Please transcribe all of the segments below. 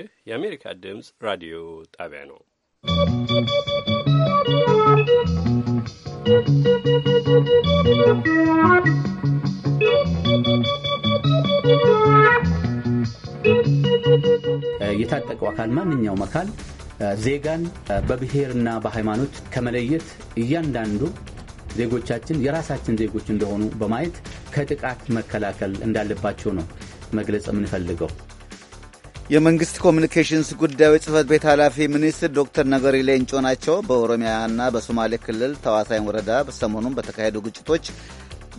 ይህ የአሜሪካ ድምፅ ራዲዮ ጣቢያ ነው። የታጠቀው አካል ማንኛውም አካል ዜጋን በብሔርና በሃይማኖት ከመለየት እያንዳንዱ ዜጎቻችን የራሳችን ዜጎች እንደሆኑ በማየት ከጥቃት መከላከል እንዳለባቸው ነው መግለጽ የምንፈልገው። የመንግስት ኮሚኒኬሽንስ ጉዳዮች ጽህፈት ቤት ኃላፊ ሚኒስትር ዶክተር ነገሪ ሌንጮ ናቸው። በኦሮሚያና በሶማሌ ክልል ተዋሳኝ ወረዳ ሰሞኑን በተካሄዱ ግጭቶች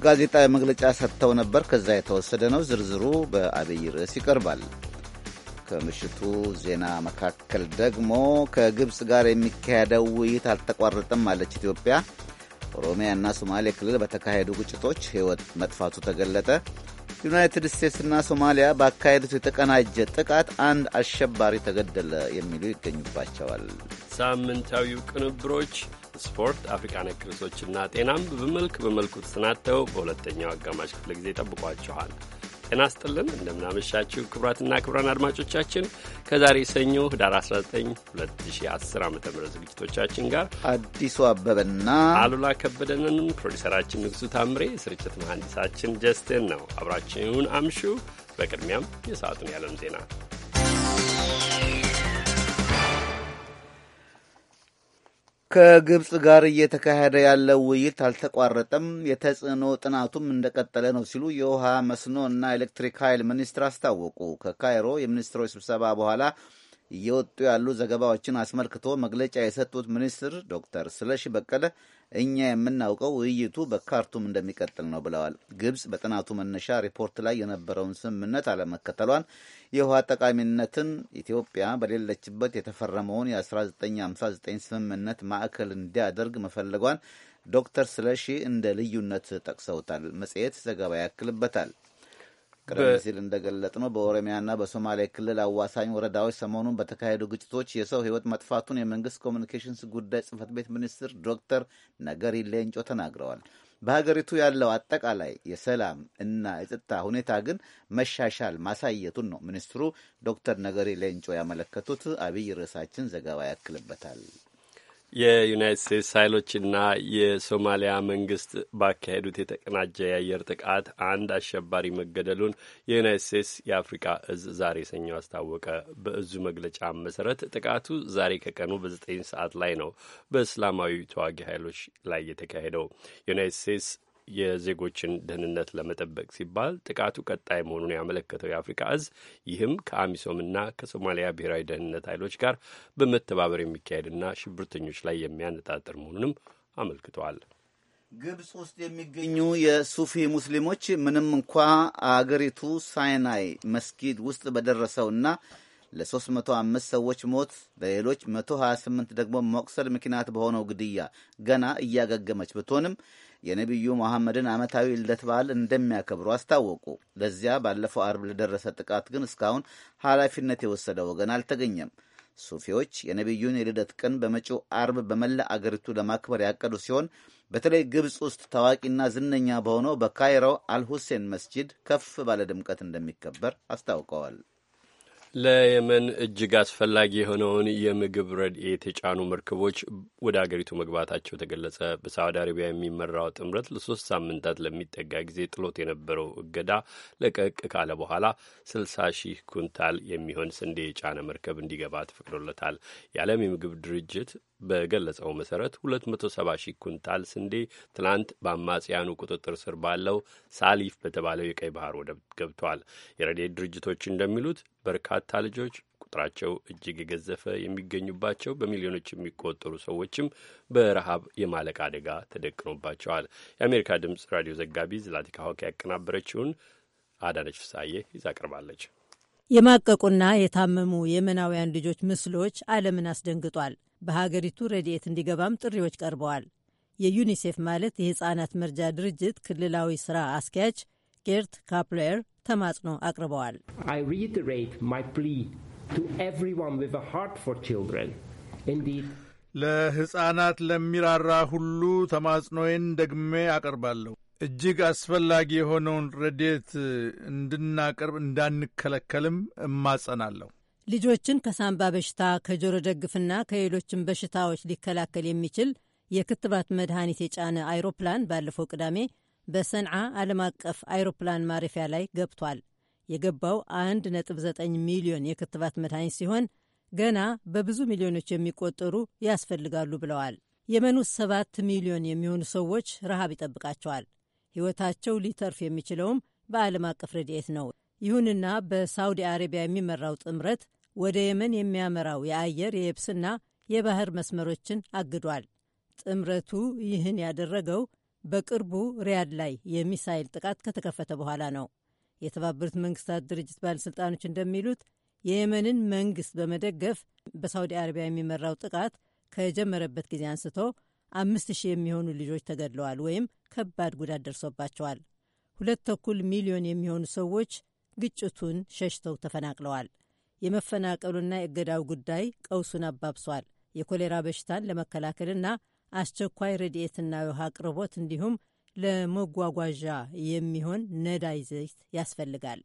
ጋዜጣዊ መግለጫ ሰጥተው ነበር። ከዛ የተወሰደ ነው። ዝርዝሩ በአብይ ርዕስ ይቀርባል። ከምሽቱ ዜና መካከል ደግሞ ከግብፅ ጋር የሚካሄደው ውይይት አልተቋረጠም አለች ኢትዮጵያ። ኦሮሚያና ሶማሌ ክልል በተካሄዱ ግጭቶች ህይወት መጥፋቱ ተገለጠ። ዩናይትድ ስቴትስና ሶማሊያ በአካሄዱት የተቀናጀ ጥቃት አንድ አሸባሪ ተገደለ የሚሉ ይገኙባቸዋል። ሳምንታዊው ቅንብሮች ስፖርት፣ አፍሪካ ነክ ርዕሶችና ጤናም በመልክ በመልኩ ተሰናድተው በሁለተኛው አጋማሽ ክፍለ ጊዜ ጠብቋቸዋል። ጤና ስጥልን እንደምናመሻችሁ ክቡራትና ክቡራን አድማጮቻችን ከዛሬ ሰኞ ህዳር 19 2010 ዓ ም ዝግጅቶቻችን ጋር አዲሱ አበበና አሉላ ከበደንን ፕሮዲሰራችን ንጉሱ ታምሬ ስርጭት መሐንዲሳችን ጀስትን ነው። አብራችሁን አምሹ። በቅድሚያም የሰዓቱን ያለም ዜና ከግብፅ ጋር እየተካሄደ ያለው ውይይት አልተቋረጠም፣ የተጽዕኖ ጥናቱም እንደቀጠለ ነው ሲሉ የውሃ መስኖ እና ኤሌክትሪክ ኃይል ሚኒስትር አስታወቁ። ከካይሮ የሚኒስትሮች ስብሰባ በኋላ እየወጡ ያሉ ዘገባዎችን አስመልክቶ መግለጫ የሰጡት ሚኒስትር ዶክተር ስለሺ በቀለ እኛ የምናውቀው ውይይቱ በካርቱም እንደሚቀጥል ነው ብለዋል። ግብጽ በጥናቱ መነሻ ሪፖርት ላይ የነበረውን ስምምነት አለመከተሏን፣ የውሃ ጠቃሚነትን ኢትዮጵያ በሌለችበት የተፈረመውን የ1959 ስምምነት ማዕከል እንዲያደርግ መፈለጓን ዶክተር ስለሺ እንደ ልዩነት ጠቅሰውታል። መጽሔት ዘገባ ያክልበታል። ቀደም ሲል እንደገለጥ ነው በኦሮሚያና በሶማሌ ክልል አዋሳኝ ወረዳዎች ሰሞኑን በተካሄዱ ግጭቶች የሰው ህይወት መጥፋቱን የመንግስት ኮሚኒኬሽንስ ጉዳይ ጽህፈት ቤት ሚኒስትር ዶክተር ነገሪ ሌንጮ ተናግረዋል። በሀገሪቱ ያለው አጠቃላይ የሰላም እና የጸጥታ ሁኔታ ግን መሻሻል ማሳየቱን ነው ሚኒስትሩ ዶክተር ነገሪ ሌንጮ ያመለከቱት። አብይ ርዕሳችን ዘገባ ያክልበታል። የዩናይት ስቴትስ ኃይሎችና የሶማሊያ መንግስት ባካሄዱት የተቀናጀ የአየር ጥቃት አንድ አሸባሪ መገደሉን የዩናይት ስቴትስ የአፍሪካ እዝ ዛሬ ሰኞ አስታወቀ። በእዙ መግለጫ መሰረት ጥቃቱ ዛሬ ከቀኑ በዘጠኝ ሰዓት ላይ ነው በእስላማዊ ተዋጊ ኃይሎች ላይ የተካሄደው። ዩናይት ስቴትስ የዜጎችን ደህንነት ለመጠበቅ ሲባል ጥቃቱ ቀጣይ መሆኑን ያመለከተው የአፍሪካ እዝ ይህም ከአሚሶምና ከሶማሊያ ብሔራዊ ደህንነት ኃይሎች ጋር በመተባበር የሚካሄድና ሽብርተኞች ላይ የሚያነጣጥር መሆኑንም አመልክተዋል። ግብፅ ውስጥ የሚገኙ የሱፊ ሙስሊሞች ምንም እንኳ አገሪቱ ሳይናይ መስጊድ ውስጥ በደረሰውና ለ305 ሰዎች ሞት በሌሎች 128 ደግሞ መቁሰል ምክንያት በሆነው ግድያ ገና እያገገመች ብትሆንም የነቢዩ መሐመድን ዓመታዊ ልደት በዓል እንደሚያከብሩ አስታወቁ። ለዚያ ባለፈው አርብ ለደረሰ ጥቃት ግን እስካሁን ኃላፊነት የወሰደ ወገን አልተገኘም። ሱፊዎች የነቢዩን የልደት ቀን በመጪው አርብ በመላ አገሪቱ ለማክበር ያቀዱ ሲሆን በተለይ ግብፅ ውስጥ ታዋቂና ዝነኛ በሆነው በካይሮ አልሁሴን መስጂድ ከፍ ባለ ድምቀት እንደሚከበር አስታውቀዋል። ለየመን እጅግ አስፈላጊ የሆነውን የምግብ ረድኤት የተጫኑ መርከቦች ወደ አገሪቱ መግባታቸው ተገለጸ። በሳዑዲ አረቢያ የሚመራው ጥምረት ለሶስት ሳምንታት ለሚጠጋ ጊዜ ጥሎት የነበረው እገዳ ለቀቅ ካለ በኋላ ስልሳ ሺህ ኩንታል የሚሆን ስንዴ የጫነ መርከብ እንዲገባ ተፈቅዶለታል። የዓለም የምግብ ድርጅት በገለጸው መሠረት 270 ሺህ ኩንታል ስንዴ ትናንት በአማጽያኑ ቁጥጥር ስር ባለው ሳሊፍ በተባለው የቀይ ባህር ወደብ ገብቷል። የረድኤት ድርጅቶች እንደሚሉት በርካታ ልጆች ቁጥራቸው እጅግ የገዘፈ የሚገኙባቸው በሚሊዮኖች የሚቆጠሩ ሰዎችም በረሃብ የማለቅ አደጋ ተደቅኖባቸዋል። የአሜሪካ ድምፅ ራዲዮ ዘጋቢ ዝላቲካ ሆክ ያቀናበረችውን አዳነች ፍሳዬ ይዛ ቀርባለች። የማቀቁና የታመሙ የመናውያን ልጆች ምስሎች ዓለምን አስደንግጧል። በሀገሪቱ ረድኤት እንዲገባም ጥሪዎች ቀርበዋል። የዩኒሴፍ ማለት የሕፃናት መርጃ ድርጅት ክልላዊ ሥራ አስኪያጅ ጌርት ካፕሌር ተማጽኖ አቅርበዋል። ለሕፃናት ለሚራራ ሁሉ ተማጽኖዬን ደግሜ አቀርባለሁ። እጅግ አስፈላጊ የሆነውን ረድኤት እንድናቀርብ እንዳንከለከልም እማጸናለሁ። ልጆችን ከሳምባ በሽታ፣ ከጆሮ ደግፍና ከሌሎችም በሽታዎች ሊከላከል የሚችል የክትባት መድኃኒት የጫነ አይሮፕላን ባለፈው ቅዳሜ በሰንዓ ዓለም አቀፍ አይሮፕላን ማረፊያ ላይ ገብቷል። የገባው 1.9 ሚሊዮን የክትባት መድኃኒት ሲሆን ገና በብዙ ሚሊዮኖች የሚቆጠሩ ያስፈልጋሉ ብለዋል። የመን ውስጥ 7 ሚሊዮን የሚሆኑ ሰዎች ረሃብ ይጠብቃቸዋል። ሕይወታቸው ሊተርፍ የሚችለውም በዓለም አቀፍ ረድኤት ነው። ይሁንና በሳውዲ አረቢያ የሚመራው ጥምረት ወደ የመን የሚያመራው የአየር የየብስና የባህር መስመሮችን አግዷል። ጥምረቱ ይህን ያደረገው በቅርቡ ሪያድ ላይ የሚሳይል ጥቃት ከተከፈተ በኋላ ነው። የተባበሩት መንግስታት ድርጅት ባለሥልጣኖች እንደሚሉት የየመንን መንግስት በመደገፍ በሳውዲ አረቢያ የሚመራው ጥቃት ከጀመረበት ጊዜ አንስቶ አምስት ሺህ የሚሆኑ ልጆች ተገድለዋል ወይም ከባድ ጉዳት ደርሶባቸዋል። ሁለት ተኩል ሚሊዮን የሚሆኑ ሰዎች ግጭቱን ሸሽተው ተፈናቅለዋል። የመፈናቀሉና የእገዳው ጉዳይ ቀውሱን አባብሷል። የኮሌራ በሽታን ለመከላከልና አስቸኳይ ረድኤትና የውሃ አቅርቦት እንዲሁም ለመጓጓዣ የሚሆን ነዳጅ ዘይት ያስፈልጋል።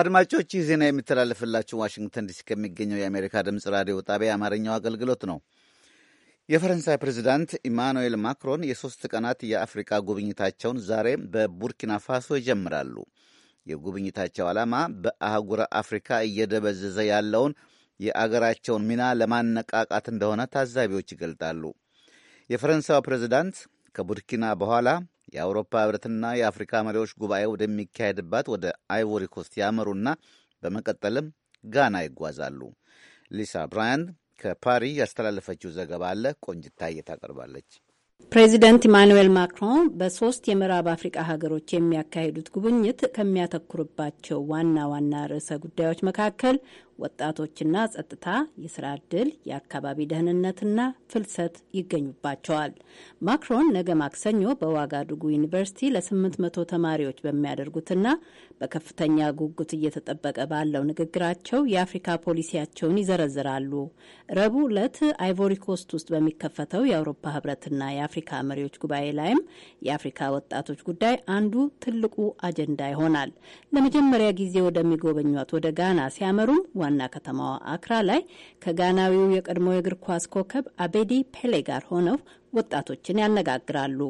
አድማጮች፣ ይህ ዜና የሚተላለፍላችሁ ዋሽንግተን ዲሲ ከሚገኘው የአሜሪካ ድምፅ ራዲዮ ጣቢያ የአማርኛው አገልግሎት ነው። የፈረንሳይ ፕሬዚዳንት ኢማኑኤል ማክሮን የሶስት ቀናት የአፍሪካ ጉብኝታቸውን ዛሬ በቡርኪና ፋሶ ይጀምራሉ። የጉብኝታቸው ዓላማ በአህጉረ አፍሪካ እየደበዘዘ ያለውን የአገራቸውን ሚና ለማነቃቃት እንደሆነ ታዛቢዎች ይገልጣሉ። የፈረንሳዩ ፕሬዚዳንት ከቡርኪና በኋላ የአውሮፓ ህብረትና የአፍሪካ መሪዎች ጉባኤ ወደሚካሄድባት ወደ አይቮሪ ኮስት ያመሩና በመቀጠልም ጋና ይጓዛሉ። ሊሳ ብራያን ከፓሪ ያስተላለፈችው ዘገባ አለ ቆንጅታ ታቀርባለች። ፕሬዚደንት ኢማኑዌል ማክሮን በሶስት የምዕራብ አፍሪቃ ሀገሮች የሚያካሂዱት ጉብኝት ከሚያተኩርባቸው ዋና ዋና ርዕሰ ጉዳዮች መካከል ወጣቶችና ጸጥታ፣ የስራ ዕድል፣ የአካባቢ ደህንነትና ፍልሰት ይገኙባቸዋል። ማክሮን ነገ ማክሰኞ በዋጋዱጉ ዩኒቨርሲቲ ለ800 ተማሪዎች በሚያደርጉትና በከፍተኛ ጉጉት እየተጠበቀ ባለው ንግግራቸው የአፍሪካ ፖሊሲያቸውን ይዘረዝራሉ። ረቡዕ ዕለት አይቮሪኮስት ውስጥ በሚከፈተው የአውሮፓ ህብረትና የአፍሪካ መሪዎች ጉባኤ ላይም የአፍሪካ ወጣቶች ጉዳይ አንዱ ትልቁ አጀንዳ ይሆናል። ለመጀመሪያ ጊዜ ወደሚጎበኟት ወደ ጋና ሲያመሩም ዋና ከተማዋ አክራ ላይ ከጋናዊው የቀድሞ የእግር ኳስ ኮከብ አቤዲ ፔሌ ጋር ሆነው ወጣቶችን ያነጋግራሉ።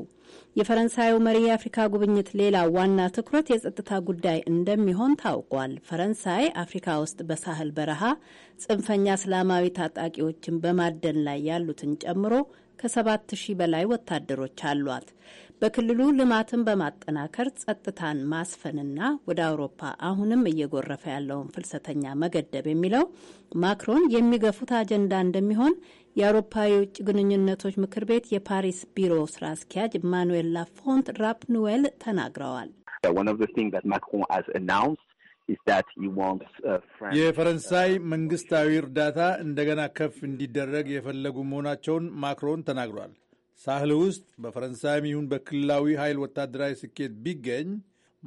የፈረንሳዩ መሪ የአፍሪካ ጉብኝት ሌላ ዋና ትኩረት የጸጥታ ጉዳይ እንደሚሆን ታውቋል። ፈረንሳይ አፍሪካ ውስጥ በሳህል በረሃ ጽንፈኛ እስላማዊ ታጣቂዎችን በማደን ላይ ያሉትን ጨምሮ ከሰባት ሺህ በላይ ወታደሮች አሏት። በክልሉ ልማትን በማጠናከር ጸጥታን ማስፈንና ወደ አውሮፓ አሁንም እየጎረፈ ያለውን ፍልሰተኛ መገደብ የሚለው ማክሮን የሚገፉት አጀንዳ እንደሚሆን የአውሮፓ የውጭ ግንኙነቶች ምክር ቤት የፓሪስ ቢሮ ስራ አስኪያጅ ማኑኤል ላፎንት ራፕኑዌል ተናግረዋል። uh, የፈረንሳይ መንግስታዊ እርዳታ እንደገና ከፍ እንዲደረግ የፈለጉ መሆናቸውን ማክሮን ተናግሯል። ሳህል ውስጥ በፈረንሳይም ይሁን በክልላዊ ኃይል ወታደራዊ ስኬት ቢገኝ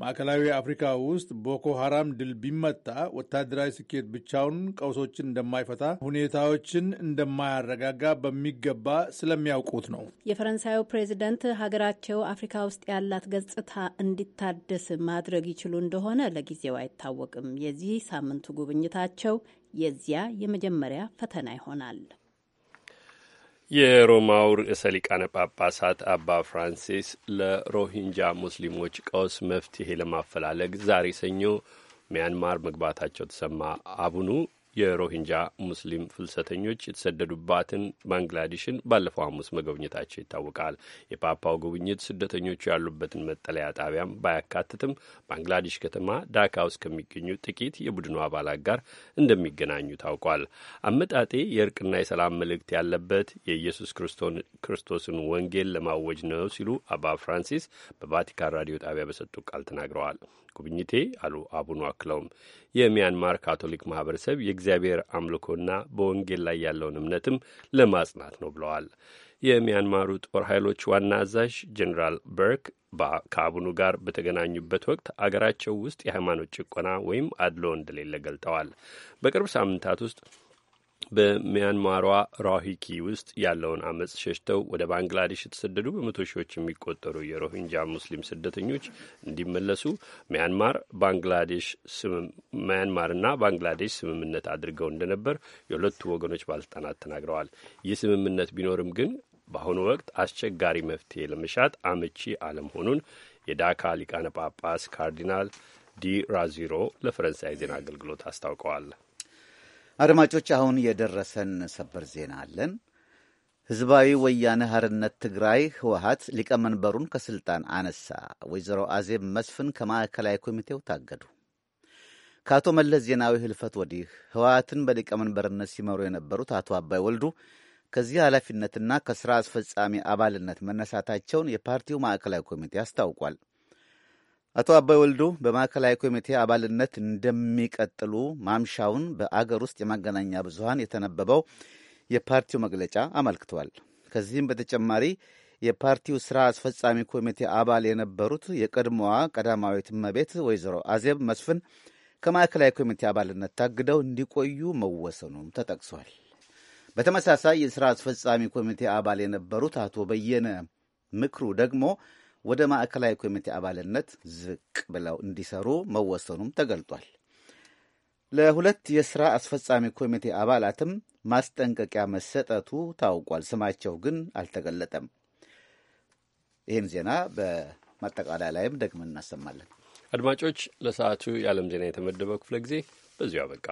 ማዕከላዊ አፍሪካ ውስጥ ቦኮ ሐራም ድል ቢመታ ወታደራዊ ስኬት ብቻውን ቀውሶችን እንደማይፈታ፣ ሁኔታዎችን እንደማያረጋጋ በሚገባ ስለሚያውቁት ነው። የፈረንሳዩ ፕሬዚደንት ሀገራቸው አፍሪካ ውስጥ ያላት ገጽታ እንዲታደስ ማድረግ ይችሉ እንደሆነ ለጊዜው አይታወቅም። የዚህ ሳምንቱ ጉብኝታቸው የዚያ የመጀመሪያ ፈተና ይሆናል። የሮማው ርዕሰ ሊቃነ ጳጳሳት አባ ፍራንሲስ ለሮሂንጃ ሙስሊሞች ቀውስ መፍትሄ ለማፈላለግ ዛሬ ሰኞ ሚያንማር መግባታቸው ተሰማ። አቡኑ የሮሂንጃ ሙስሊም ፍልሰተኞች የተሰደዱባትን ባንግላዴሽን ባለፈው ሐሙስ መጎብኘታቸው ይታወቃል። የፓፓው ጉብኝት ስደተኞቹ ያሉበትን መጠለያ ጣቢያም ባያካትትም ባንግላዴሽ ከተማ ዳካ ውስጥ ከሚገኙ ጥቂት የቡድኑ አባላት ጋር እንደሚገናኙ ታውቋል። አመጣጤ የእርቅና የሰላም መልእክት ያለበት የኢየሱስ ክርስቶስን ወንጌል ለማወጅ ነው ሲሉ አባ ፍራንሲስ በቫቲካን ራዲዮ ጣቢያ በሰጡ ቃል ተናግረዋል። ጉብኝቴ አሉ አቡኑ አክለውም የሚያንማር ካቶሊክ ማህበረሰብ በእግዚአብሔር አምልኮና በወንጌል ላይ ያለውን እምነትም ለማጽናት ነው ብለዋል። የሚያንማሩ ጦር ኃይሎች ዋና አዛዥ ጀኔራል በርክ ከአቡኑ ጋር በተገናኙበት ወቅት አገራቸው ውስጥ የሃይማኖት ጭቆና ወይም አድሎ እንደሌለ ገልጠዋል። በቅርብ ሳምንታት ውስጥ በሚያንማሯ ሮሂኪ ውስጥ ያለውን አመፅ ሸሽተው ወደ ባንግላዴሽ የተሰደዱ በመቶ ሺዎች የሚቆጠሩ የሮሂንጃ ሙስሊም ስደተኞች እንዲመለሱ ሚያንማር ባንግላዴሽ ሚያንማርና ባንግላዴሽ ስምምነት አድርገው እንደነበር የሁለቱ ወገኖች ባለስልጣናት ተናግረዋል። ይህ ስምምነት ቢኖርም ግን በአሁኑ ወቅት አስቸጋሪ መፍትሄ ለመሻት አመቺ አለመሆኑን የዳካ ሊቃነ ጳጳስ ካርዲናል ዲ ራዚሮ ለፈረንሳይ ዜና አገልግሎት አስታውቀዋል። አድማጮች፣ አሁን የደረሰን ሰበር ዜና አለን። ህዝባዊ ወያነ ሐርነት ትግራይ ህወሀት ሊቀመንበሩን ከስልጣን አነሳ። ወይዘሮ አዜብ መስፍን ከማዕከላዊ ኮሚቴው ታገዱ። ከአቶ መለስ ዜናዊ ህልፈት ወዲህ ህወሀትን በሊቀመንበርነት ሲመሩ የነበሩት አቶ አባይ ወልዱ ከዚህ ኃላፊነትና ከሥራ አስፈጻሚ አባልነት መነሳታቸውን የፓርቲው ማዕከላዊ ኮሚቴ አስታውቋል። አቶ አባይ ወልዱ በማዕከላዊ ኮሚቴ አባልነት እንደሚቀጥሉ ማምሻውን በአገር ውስጥ የማገናኛ ብዙሃን የተነበበው የፓርቲው መግለጫ አመልክተዋል። ከዚህም በተጨማሪ የፓርቲው ስራ አስፈጻሚ ኮሚቴ አባል የነበሩት የቀድሞዋ ቀዳማዊት እመቤት ወይዘሮ አዜብ መስፍን ከማዕከላዊ ኮሚቴ አባልነት ታግደው እንዲቆዩ መወሰኑም ተጠቅሷል። በተመሳሳይ የስራ አስፈጻሚ ኮሚቴ አባል የነበሩት አቶ በየነ ምክሩ ደግሞ ወደ ማዕከላዊ ኮሚቴ አባልነት ዝቅ ብለው እንዲሰሩ መወሰኑም ተገልጧል። ለሁለት የሥራ አስፈጻሚ ኮሚቴ አባላትም ማስጠንቀቂያ መሰጠቱ ታውቋል። ስማቸው ግን አልተገለጠም። ይህን ዜና በማጠቃለያ ላይም ደግመን እናሰማለን። አድማጮች፣ ለሰዓቱ የዓለም ዜና የተመደበው ክፍለ ጊዜ በዚሁ አበቃ።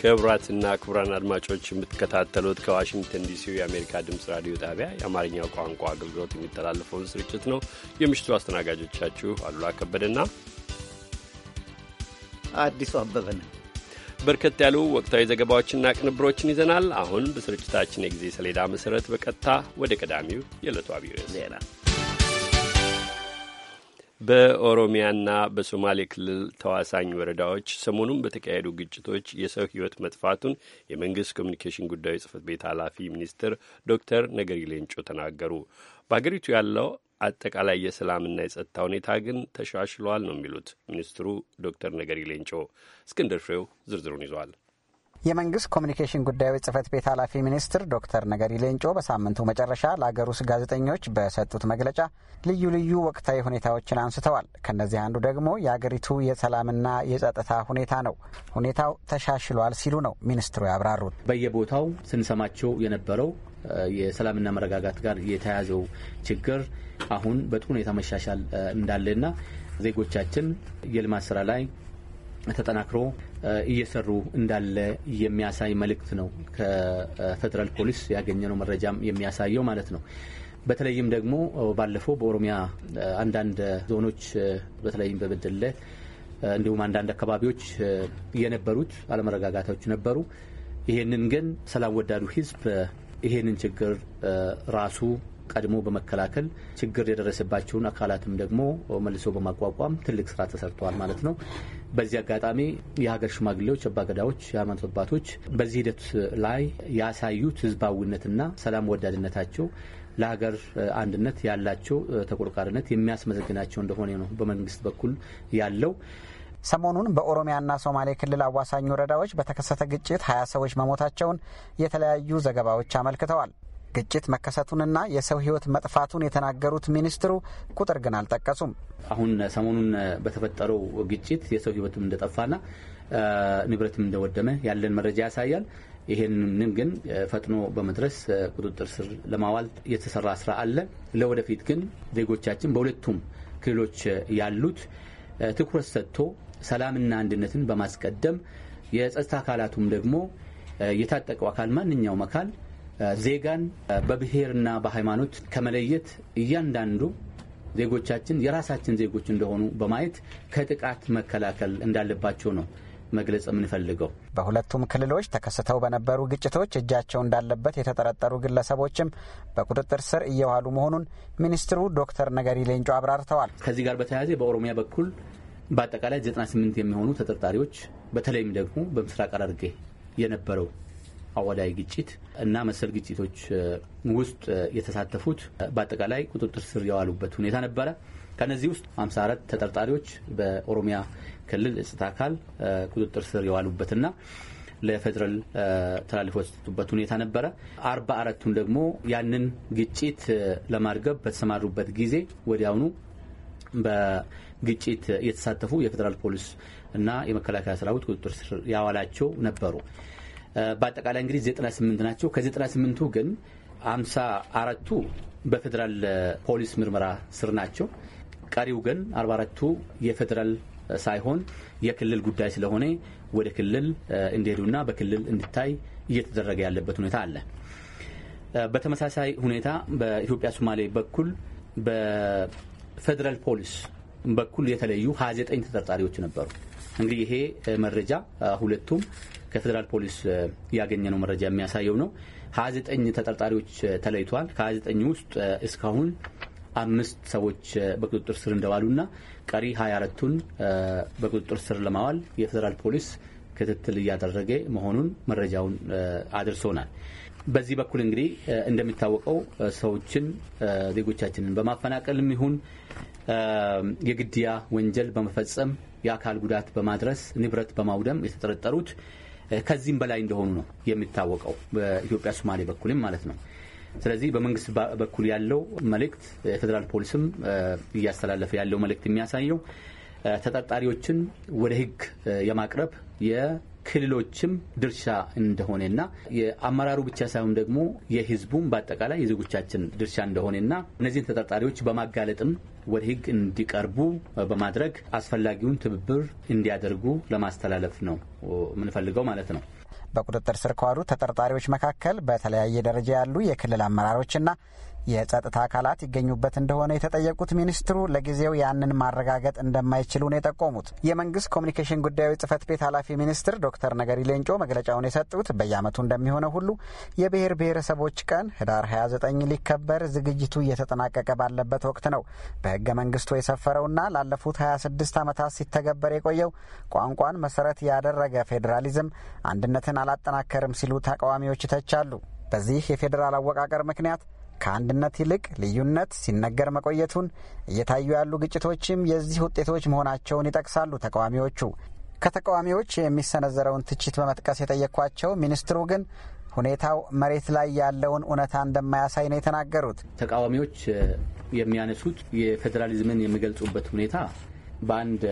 ክቡራትና ክቡራን አድማጮች የምትከታተሉት ከዋሽንግተን ዲሲ የአሜሪካ ድምፅ ራዲዮ ጣቢያ የአማርኛ ቋንቋ አገልግሎት የሚተላለፈውን ስርጭት ነው። የምሽቱ አስተናጋጆቻችሁ አሉላ ከበደና አዲሱ አበበ በርከት ያሉ ወቅታዊ ዘገባዎችና ቅንብሮችን ይዘናል። አሁን በስርጭታችን የጊዜ ሰሌዳ መሰረት በቀጥታ ወደ ቀዳሚው የዕለቱ አብይ ዜና በኦሮሚያና በሶማሌ ክልል ተዋሳኝ ወረዳዎች ሰሞኑን በተካሄዱ ግጭቶች የሰው ሕይወት መጥፋቱን የመንግስት ኮሚኒኬሽን ጉዳዮች ጽህፈት ቤት ኃላፊ ሚኒስትር ዶክተር ነገሪ ሌንጮ ተናገሩ። በሀገሪቱ ያለው አጠቃላይ የሰላምና የጸጥታ ሁኔታ ግን ተሻሽሏል ነው የሚሉት ሚኒስትሩ ዶክተር ነገሪ ሌንጮ። እስክንድር ፍሬው ዝርዝሩን ይዟል። የመንግስት ኮሚኒኬሽን ጉዳዮች ጽህፈት ቤት ኃላፊ ሚኒስትር ዶክተር ነገሪ ሌንጮ በሳምንቱ መጨረሻ ለአገር ውስጥ ጋዜጠኞች በሰጡት መግለጫ ልዩ ልዩ ወቅታዊ ሁኔታዎችን አንስተዋል። ከእነዚህ አንዱ ደግሞ የአገሪቱ የሰላምና የጸጥታ ሁኔታ ነው። ሁኔታው ተሻሽሏል ሲሉ ነው ሚኒስትሩ ያብራሩት። በየቦታው ስንሰማቸው የነበረው የሰላምና መረጋጋት ጋር የተያዘው ችግር አሁን በጥሩ ሁኔታ መሻሻል እንዳለና ዜጎቻችን የልማት ስራ ላይ ተጠናክሮ እየሰሩ እንዳለ የሚያሳይ መልእክት ነው። ከፌዴራል ፖሊስ ያገኘነው መረጃም የሚያሳየው ማለት ነው። በተለይም ደግሞ ባለፈው በኦሮሚያ አንዳንድ ዞኖች በተለይም በበደሌ እንዲሁም አንዳንድ አካባቢዎች የነበሩት አለመረጋጋቶች ነበሩ። ይሄንን ግን ሰላም ወዳዱ ህዝብ ይሄንን ችግር ራሱ ቀድሞ በመከላከል ችግር የደረሰባቸውን አካላትም ደግሞ መልሶ በማቋቋም ትልቅ ስራ ተሰርተዋል ማለት ነው። በዚህ አጋጣሚ የሀገር ሽማግሌዎች፣ አባገዳዎች፣ የሃይማኖት አባቶች በዚህ ሂደት ላይ ያሳዩት ህዝባዊነትና ሰላም ወዳድነታቸው ለሀገር አንድነት ያላቸው ተቆርቋሪነት የሚያስመዘግናቸው እንደሆነ ነው በመንግስት በኩል ያለው። ሰሞኑን በኦሮሚያና ሶማሌ ክልል አዋሳኝ ወረዳዎች በተከሰተ ግጭት ሀያ ሰዎች መሞታቸውን የተለያዩ ዘገባዎች አመልክተዋል። ግጭት መከሰቱንና የሰው ሕይወት መጥፋቱን የተናገሩት ሚኒስትሩ ቁጥር ግን አልጠቀሱም። አሁን ሰሞኑን በተፈጠረው ግጭት የሰው ሕይወትም እንደጠፋና ንብረትም እንደወደመ ያለን መረጃ ያሳያል። ይህንን ግን ፈጥኖ በመድረስ ቁጥጥር ስር ለማዋል የተሰራ ስራ አለ። ለወደፊት ግን ዜጎቻችን በሁለቱም ክልሎች ያሉት ትኩረት ሰጥቶ ሰላምና አንድነትን በማስቀደም የጸጥታ አካላቱም ደግሞ የታጠቀው አካል ማንኛውም አካል ዜጋን በብሔርና በሃይማኖት ከመለየት እያንዳንዱ ዜጎቻችን የራሳችን ዜጎች እንደሆኑ በማየት ከጥቃት መከላከል እንዳለባቸው ነው መግለጽ የምንፈልገው። በሁለቱም ክልሎች ተከስተው በነበሩ ግጭቶች እጃቸው እንዳለበት የተጠረጠሩ ግለሰቦችም በቁጥጥር ስር እየዋሉ መሆኑን ሚኒስትሩ ዶክተር ነገሪ ሌንጮ አብራርተዋል። ከዚህ ጋር በተያያዘ በኦሮሚያ በኩል በአጠቃላይ 98 የሚሆኑ ተጠርጣሪዎች በተለይም ደግሞ በምስራቅ ሐረርጌ የነበረው አወዳይ ግጭት እና መሰል ግጭቶች ውስጥ የተሳተፉት በአጠቃላይ ቁጥጥር ስር የዋሉበት ሁኔታ ነበረ። ከነዚህ ውስጥ 54 ተጠርጣሪዎች በኦሮሚያ ክልል የጸጥታ አካል ቁጥጥር ስር የዋሉበትና ለፌዴራል ተላልፎ የተሰጡበት ሁኔታ ነበረ። አርባ አራቱን ደግሞ ያንን ግጭት ለማርገብ በተሰማሩበት ጊዜ ወዲያውኑ በግጭት የተሳተፉ የፌዴራል ፖሊስ እና የመከላከያ ሰራዊት ቁጥጥር ስር ያዋላቸው ነበሩ። በአጠቃላይ እንግዲህ 98 ናቸው። 98 ግን 54ቱ በፌዴራል ፖሊስ ምርመራ ስር ናቸው። ቀሪው ግን 44ቱ የፌዴራል ሳይሆን የክልል ጉዳይ ስለሆነ ወደ ክልል እንዲሄዱና በክልል እንዲታይ እየተደረገ ያለበት ሁኔታ አለ። በተመሳሳይ ሁኔታ በኢትዮጵያ ሶማሌ በኩል በፌዴራል ፖሊስ በኩል የተለዩ 29 ተጠርጣሪዎች ነበሩ። እንግዲህ ይሄ መረጃ ሁለቱም ከፌዴራል ፖሊስ ያገኘነው መረጃ የሚያሳየው ነው። ሀያ ዘጠኝ ተጠርጣሪዎች ተለይተዋል። ከ ዘጠኝ ውስጥ እስካሁን አምስት ሰዎች በቁጥጥር ስር እንደዋሉና ቀሪ 24 ቱን በቁጥጥር ስር ለማዋል የፌዴራል ፖሊስ ክትትል እያደረገ መሆኑን መረጃውን አድርሶናል። በዚህ በኩል እንግዲህ እንደሚታወቀው ሰዎችን ዜጎቻችንን በማፈናቀልም ይሁን የግድያ ወንጀል በመፈጸም የአካል ጉዳት በማድረስ ንብረት በማውደም የተጠረጠሩት ከዚህም በላይ እንደሆኑ ነው የሚታወቀው በኢትዮጵያ ሶማሌ በኩልም ማለት ነው። ስለዚህ በመንግስት በኩል ያለው መልእክት የፌዴራል ፖሊስም እያስተላለፈ ያለው መልእክት የሚያሳየው ተጠርጣሪዎችን ወደ ህግ የማቅረብ የክልሎችም ድርሻ እንደሆነና የአመራሩ ብቻ ሳይሆን ደግሞ የህዝቡም በአጠቃላይ የዜጎቻችን ድርሻ እንደሆነና እነዚህን ተጠርጣሪዎች በማጋለጥም ወደ ህግ እንዲቀርቡ በማድረግ አስፈላጊውን ትብብር እንዲያደርጉ ለማስተላለፍ ነው የምንፈልገው ማለት ነው። በቁጥጥር ስር ከዋሉ ተጠርጣሪዎች መካከል በተለያየ ደረጃ ያሉ የክልል አመራሮችና የጸጥታ አካላት ይገኙበት እንደሆነ የተጠየቁት ሚኒስትሩ ለጊዜው ያንን ማረጋገጥ እንደማይችሉ ነው የጠቆሙት። የመንግስት ኮሚኒኬሽን ጉዳዮች ጽህፈት ቤት ኃላፊ ሚኒስትር ዶክተር ነገሪ ሌንጮ መግለጫውን የሰጡት በየአመቱ እንደሚሆነው ሁሉ የብሔር ብሔረሰቦች ቀን ህዳር 29 ሊከበር ዝግጅቱ እየተጠናቀቀ ባለበት ወቅት ነው። በህገ መንግስቱ የሰፈረውና ላለፉት 26 ዓመታት ሲተገበር የቆየው ቋንቋን መሰረት ያደረገ ፌዴራሊዝም አንድነትን አላጠናከርም ሲሉ ተቃዋሚዎች ይተቻሉ። በዚህ የፌዴራል አወቃቀር ምክንያት ከአንድነት ይልቅ ልዩነት ሲነገር መቆየቱን፣ እየታዩ ያሉ ግጭቶችም የዚህ ውጤቶች መሆናቸውን ይጠቅሳሉ ተቃዋሚዎቹ። ከተቃዋሚዎች የሚሰነዘረውን ትችት በመጥቀስ የጠየኳቸው ሚኒስትሩ ግን ሁኔታው መሬት ላይ ያለውን እውነታ እንደማያሳይ ነው የተናገሩት። ተቃዋሚዎች የሚያነሱት የፌዴራሊዝምን የሚገልጹበት ሁኔታ በአንድ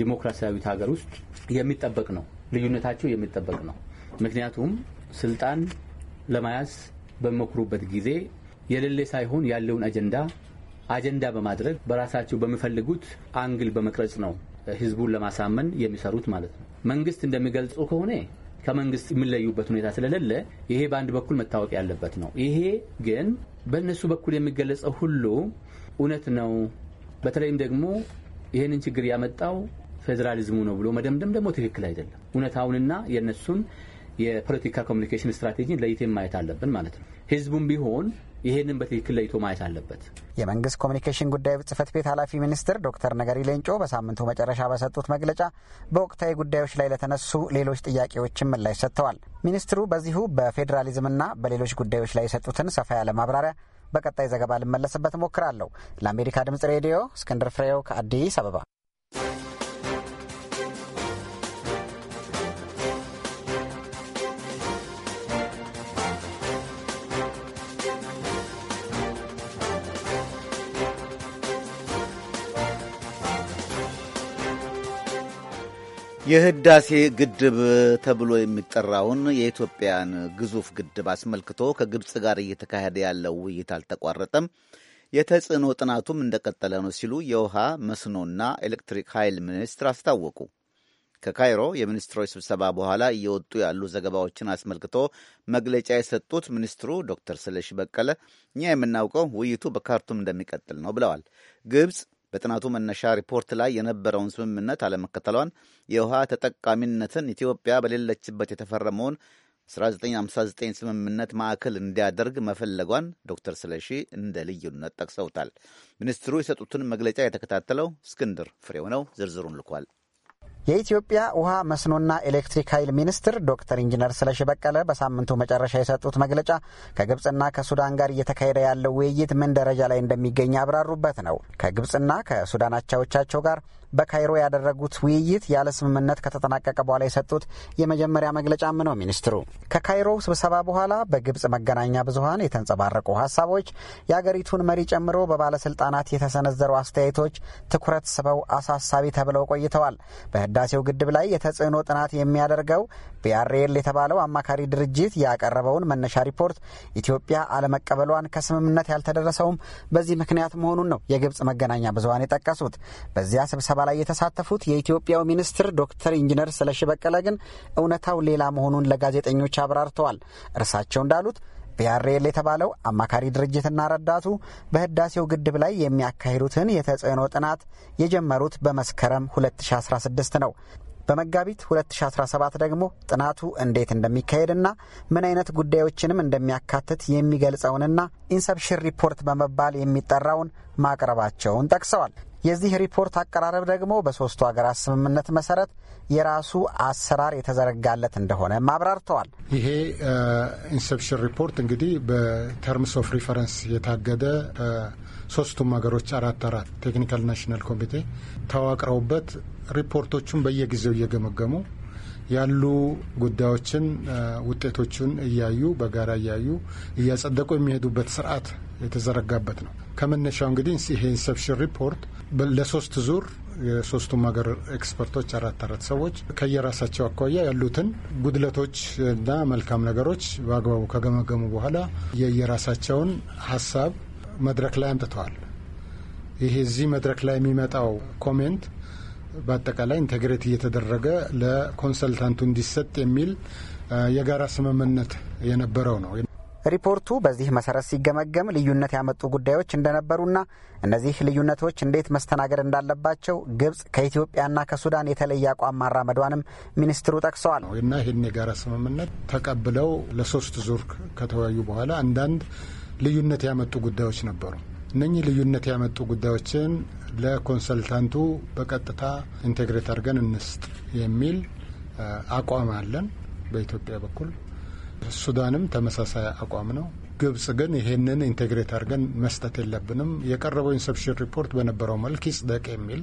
ዲሞክራሲያዊት ሀገር ውስጥ የሚጠበቅ ነው። ልዩነታቸው የሚጠበቅ ነው። ምክንያቱም ስልጣን ለመያዝ በሚመክሩበት ጊዜ የሌለ ሳይሆን ያለውን አጀንዳ አጀንዳ በማድረግ በራሳቸው በሚፈልጉት አንግል በመቅረጽ ነው ህዝቡን ለማሳመን የሚሰሩት ማለት ነው። መንግስት እንደሚገልጹ ከሆነ ከመንግስት የሚለዩበት ሁኔታ ስለሌለ ይሄ በአንድ በኩል መታወቅ ያለበት ነው። ይሄ ግን በእነሱ በኩል የሚገለጸው ሁሉ እውነት ነው። በተለይም ደግሞ ይህንን ችግር ያመጣው ፌዴራሊዝሙ ነው ብሎ መደምደም ደግሞ ትክክል አይደለም። እውነታውንና የእነሱን የፖለቲካ ኮሚኒኬሽን ስትራቴጂን ለይቴ ማየት አለብን ማለት ነው። ህዝቡም ቢሆን ይህንን በትክክል ለይቶ ማየት አለበት። የመንግስት ኮሚኒኬሽን ጉዳዮች ጽህፈት ቤት ኃላፊ ሚኒስትር ዶክተር ነገሪ ሌንጮ በሳምንቱ መጨረሻ በሰጡት መግለጫ በወቅታዊ ጉዳዮች ላይ ለተነሱ ሌሎች ጥያቄዎችም ምላሽ ሰጥተዋል። ሚኒስትሩ በዚሁ በፌዴራሊዝምና በሌሎች ጉዳዮች ላይ የሰጡትን ሰፋ ያለ ማብራሪያ በቀጣይ ዘገባ ልመለስበት እሞክራለሁ። ለአሜሪካ ድምጽ ሬዲዮ እስክንድር ፍሬው ከአዲስ አበባ የህዳሴ ግድብ ተብሎ የሚጠራውን የኢትዮጵያን ግዙፍ ግድብ አስመልክቶ ከግብፅ ጋር እየተካሄደ ያለው ውይይት አልተቋረጠም፣ የተጽዕኖ ጥናቱም እንደቀጠለ ነው ሲሉ የውሃ መስኖና ኤሌክትሪክ ኃይል ሚኒስትር አስታወቁ። ከካይሮ የሚኒስትሮች ስብሰባ በኋላ እየወጡ ያሉ ዘገባዎችን አስመልክቶ መግለጫ የሰጡት ሚኒስትሩ ዶክተር ስለሺ በቀለ እኛ የምናውቀው ውይይቱ በካርቱም እንደሚቀጥል ነው ብለዋል። ግብፅ በጥናቱ መነሻ ሪፖርት ላይ የነበረውን ስምምነት አለመከተሏን፣ የውሃ ተጠቃሚነትን ኢትዮጵያ በሌለችበት የተፈረመውን 1959 ስምምነት ማዕከል እንዲያደርግ መፈለጓን ዶክተር ስለሺ እንደ ልዩነት ጠቅሰውታል። ሚኒስትሩ የሰጡትን መግለጫ የተከታተለው እስክንድር ፍሬው ነው። ዝርዝሩን ልኳል። የኢትዮጵያ ውሃ መስኖና ኤሌክትሪክ ኃይል ሚኒስትር ዶክተር ኢንጂነር ስለሺ በቀለ በሳምንቱ መጨረሻ የሰጡት መግለጫ ከግብፅና ከሱዳን ጋር እየተካሄደ ያለው ውይይት ምን ደረጃ ላይ እንደሚገኝ ያብራሩበት ነው። ከግብፅና ከሱዳን አቻዎቻቸው ጋር በካይሮ ያደረጉት ውይይት ያለ ስምምነት ከተጠናቀቀ በኋላ የሰጡት የመጀመሪያ መግለጫም ነው። ሚኒስትሩ ከካይሮ ስብሰባ በኋላ በግብጽ መገናኛ ብዙኃን የተንጸባረቁ ሀሳቦች የአገሪቱን መሪ ጨምሮ በባለስልጣናት የተሰነዘሩ አስተያየቶች ትኩረት ስበው አሳሳቢ ተብለው ቆይተዋል። በህዳሴው ግድብ ላይ የተጽዕኖ ጥናት የሚያደርገው ቢአርኤል የተባለው አማካሪ ድርጅት ያቀረበውን መነሻ ሪፖርት ኢትዮጵያ አለመቀበሏን ከስምምነት ያልተደረሰውም በዚህ ምክንያት መሆኑን ነው የግብጽ መገናኛ ብዙኃን የጠቀሱት። በዚያ ስብሰባ ላይ የተሳተፉት የኢትዮጵያው ሚኒስትር ዶክተር ኢንጂነር ስለሺ በቀለ ግን እውነታው ሌላ መሆኑን ለጋዜጠኞች አብራርተዋል። እርሳቸው እንዳሉት ቢአርኤል የተባለው አማካሪ ድርጅትና ረዳቱ በህዳሴው ግድብ ላይ የሚያካሂዱትን የተጽዕኖ ጥናት የጀመሩት በመስከረም 2016 ነው። በመጋቢት 2017 ደግሞ ጥናቱ እንዴት እንደሚካሄድና ምን አይነት ጉዳዮችንም እንደሚያካትት የሚገልጸውንና ኢንሰፕሽን ሪፖርት በመባል የሚጠራውን ማቅረባቸውን ጠቅሰዋል። የዚህ ሪፖርት አቀራረብ ደግሞ በሶስቱ ሀገራት ስምምነት መሰረት የራሱ አሰራር የተዘረጋለት እንደሆነ አብራርተዋል። ይሄ ኢንሰፕሽን ሪፖርት እንግዲህ በተርምስ ኦፍ ሪፈረንስ የታገደ ሶስቱም ሀገሮች አራት አራት ቴክኒካል ናሽናል ኮሚቴ ተዋቅረውበት ሪፖርቶቹን በየጊዜው እየገመገሙ ያሉ ጉዳዮችን ውጤቶቹን እያዩ በጋራ እያዩ እያጸደቁ የሚሄዱበት ስርዓት የተዘረጋበት ነው። ከመነሻው እንግዲህ ይሄ ኢንሰፕሽን ሪፖርት ለሶስት ዙር የሶስቱም ሀገር ኤክስፐርቶች አራት አራት ሰዎች ከየራሳቸው አኳያ ያሉትን ጉድለቶች እና መልካም ነገሮች በአግባቡ ከገመገሙ በኋላ የየራሳቸውን ሀሳብ መድረክ ላይ አምጥተዋል። ይሄ እዚህ መድረክ ላይ የሚመጣው ኮሜንት በአጠቃላይ ኢንቴግሬት እየተደረገ ለኮንሰልታንቱ እንዲሰጥ የሚል የጋራ ስምምነት የነበረው ነው። ሪፖርቱ በዚህ መሰረት ሲገመገም ልዩነት ያመጡ ጉዳዮች እንደነበሩና እነዚህ ልዩነቶች እንዴት መስተናገድ እንዳለባቸው ግብጽ ከኢትዮጵያና ከሱዳን የተለየ አቋም ማራመዷንም ሚኒስትሩ ጠቅሰዋል። እና ይህን የጋራ ስምምነት ተቀብለው ለሶስት ዙር ከተወያዩ በኋላ አንዳንድ ልዩነት ያመጡ ጉዳዮች ነበሩ። እነኚህ ልዩነት ያመጡ ጉዳዮችን ለኮንሰልታንቱ በቀጥታ ኢንቴግሬት አድርገን እንስጥ የሚል አቋም አለን በኢትዮጵያ በኩል ሱዳንም ተመሳሳይ አቋም ነው። ግብጽ ግን ይሄንን ኢንቴግሬት አድርገን መስጠት የለብንም የቀረበው ኢንሰፕሽን ሪፖርት በነበረው መልክ ይጽደቅ የሚል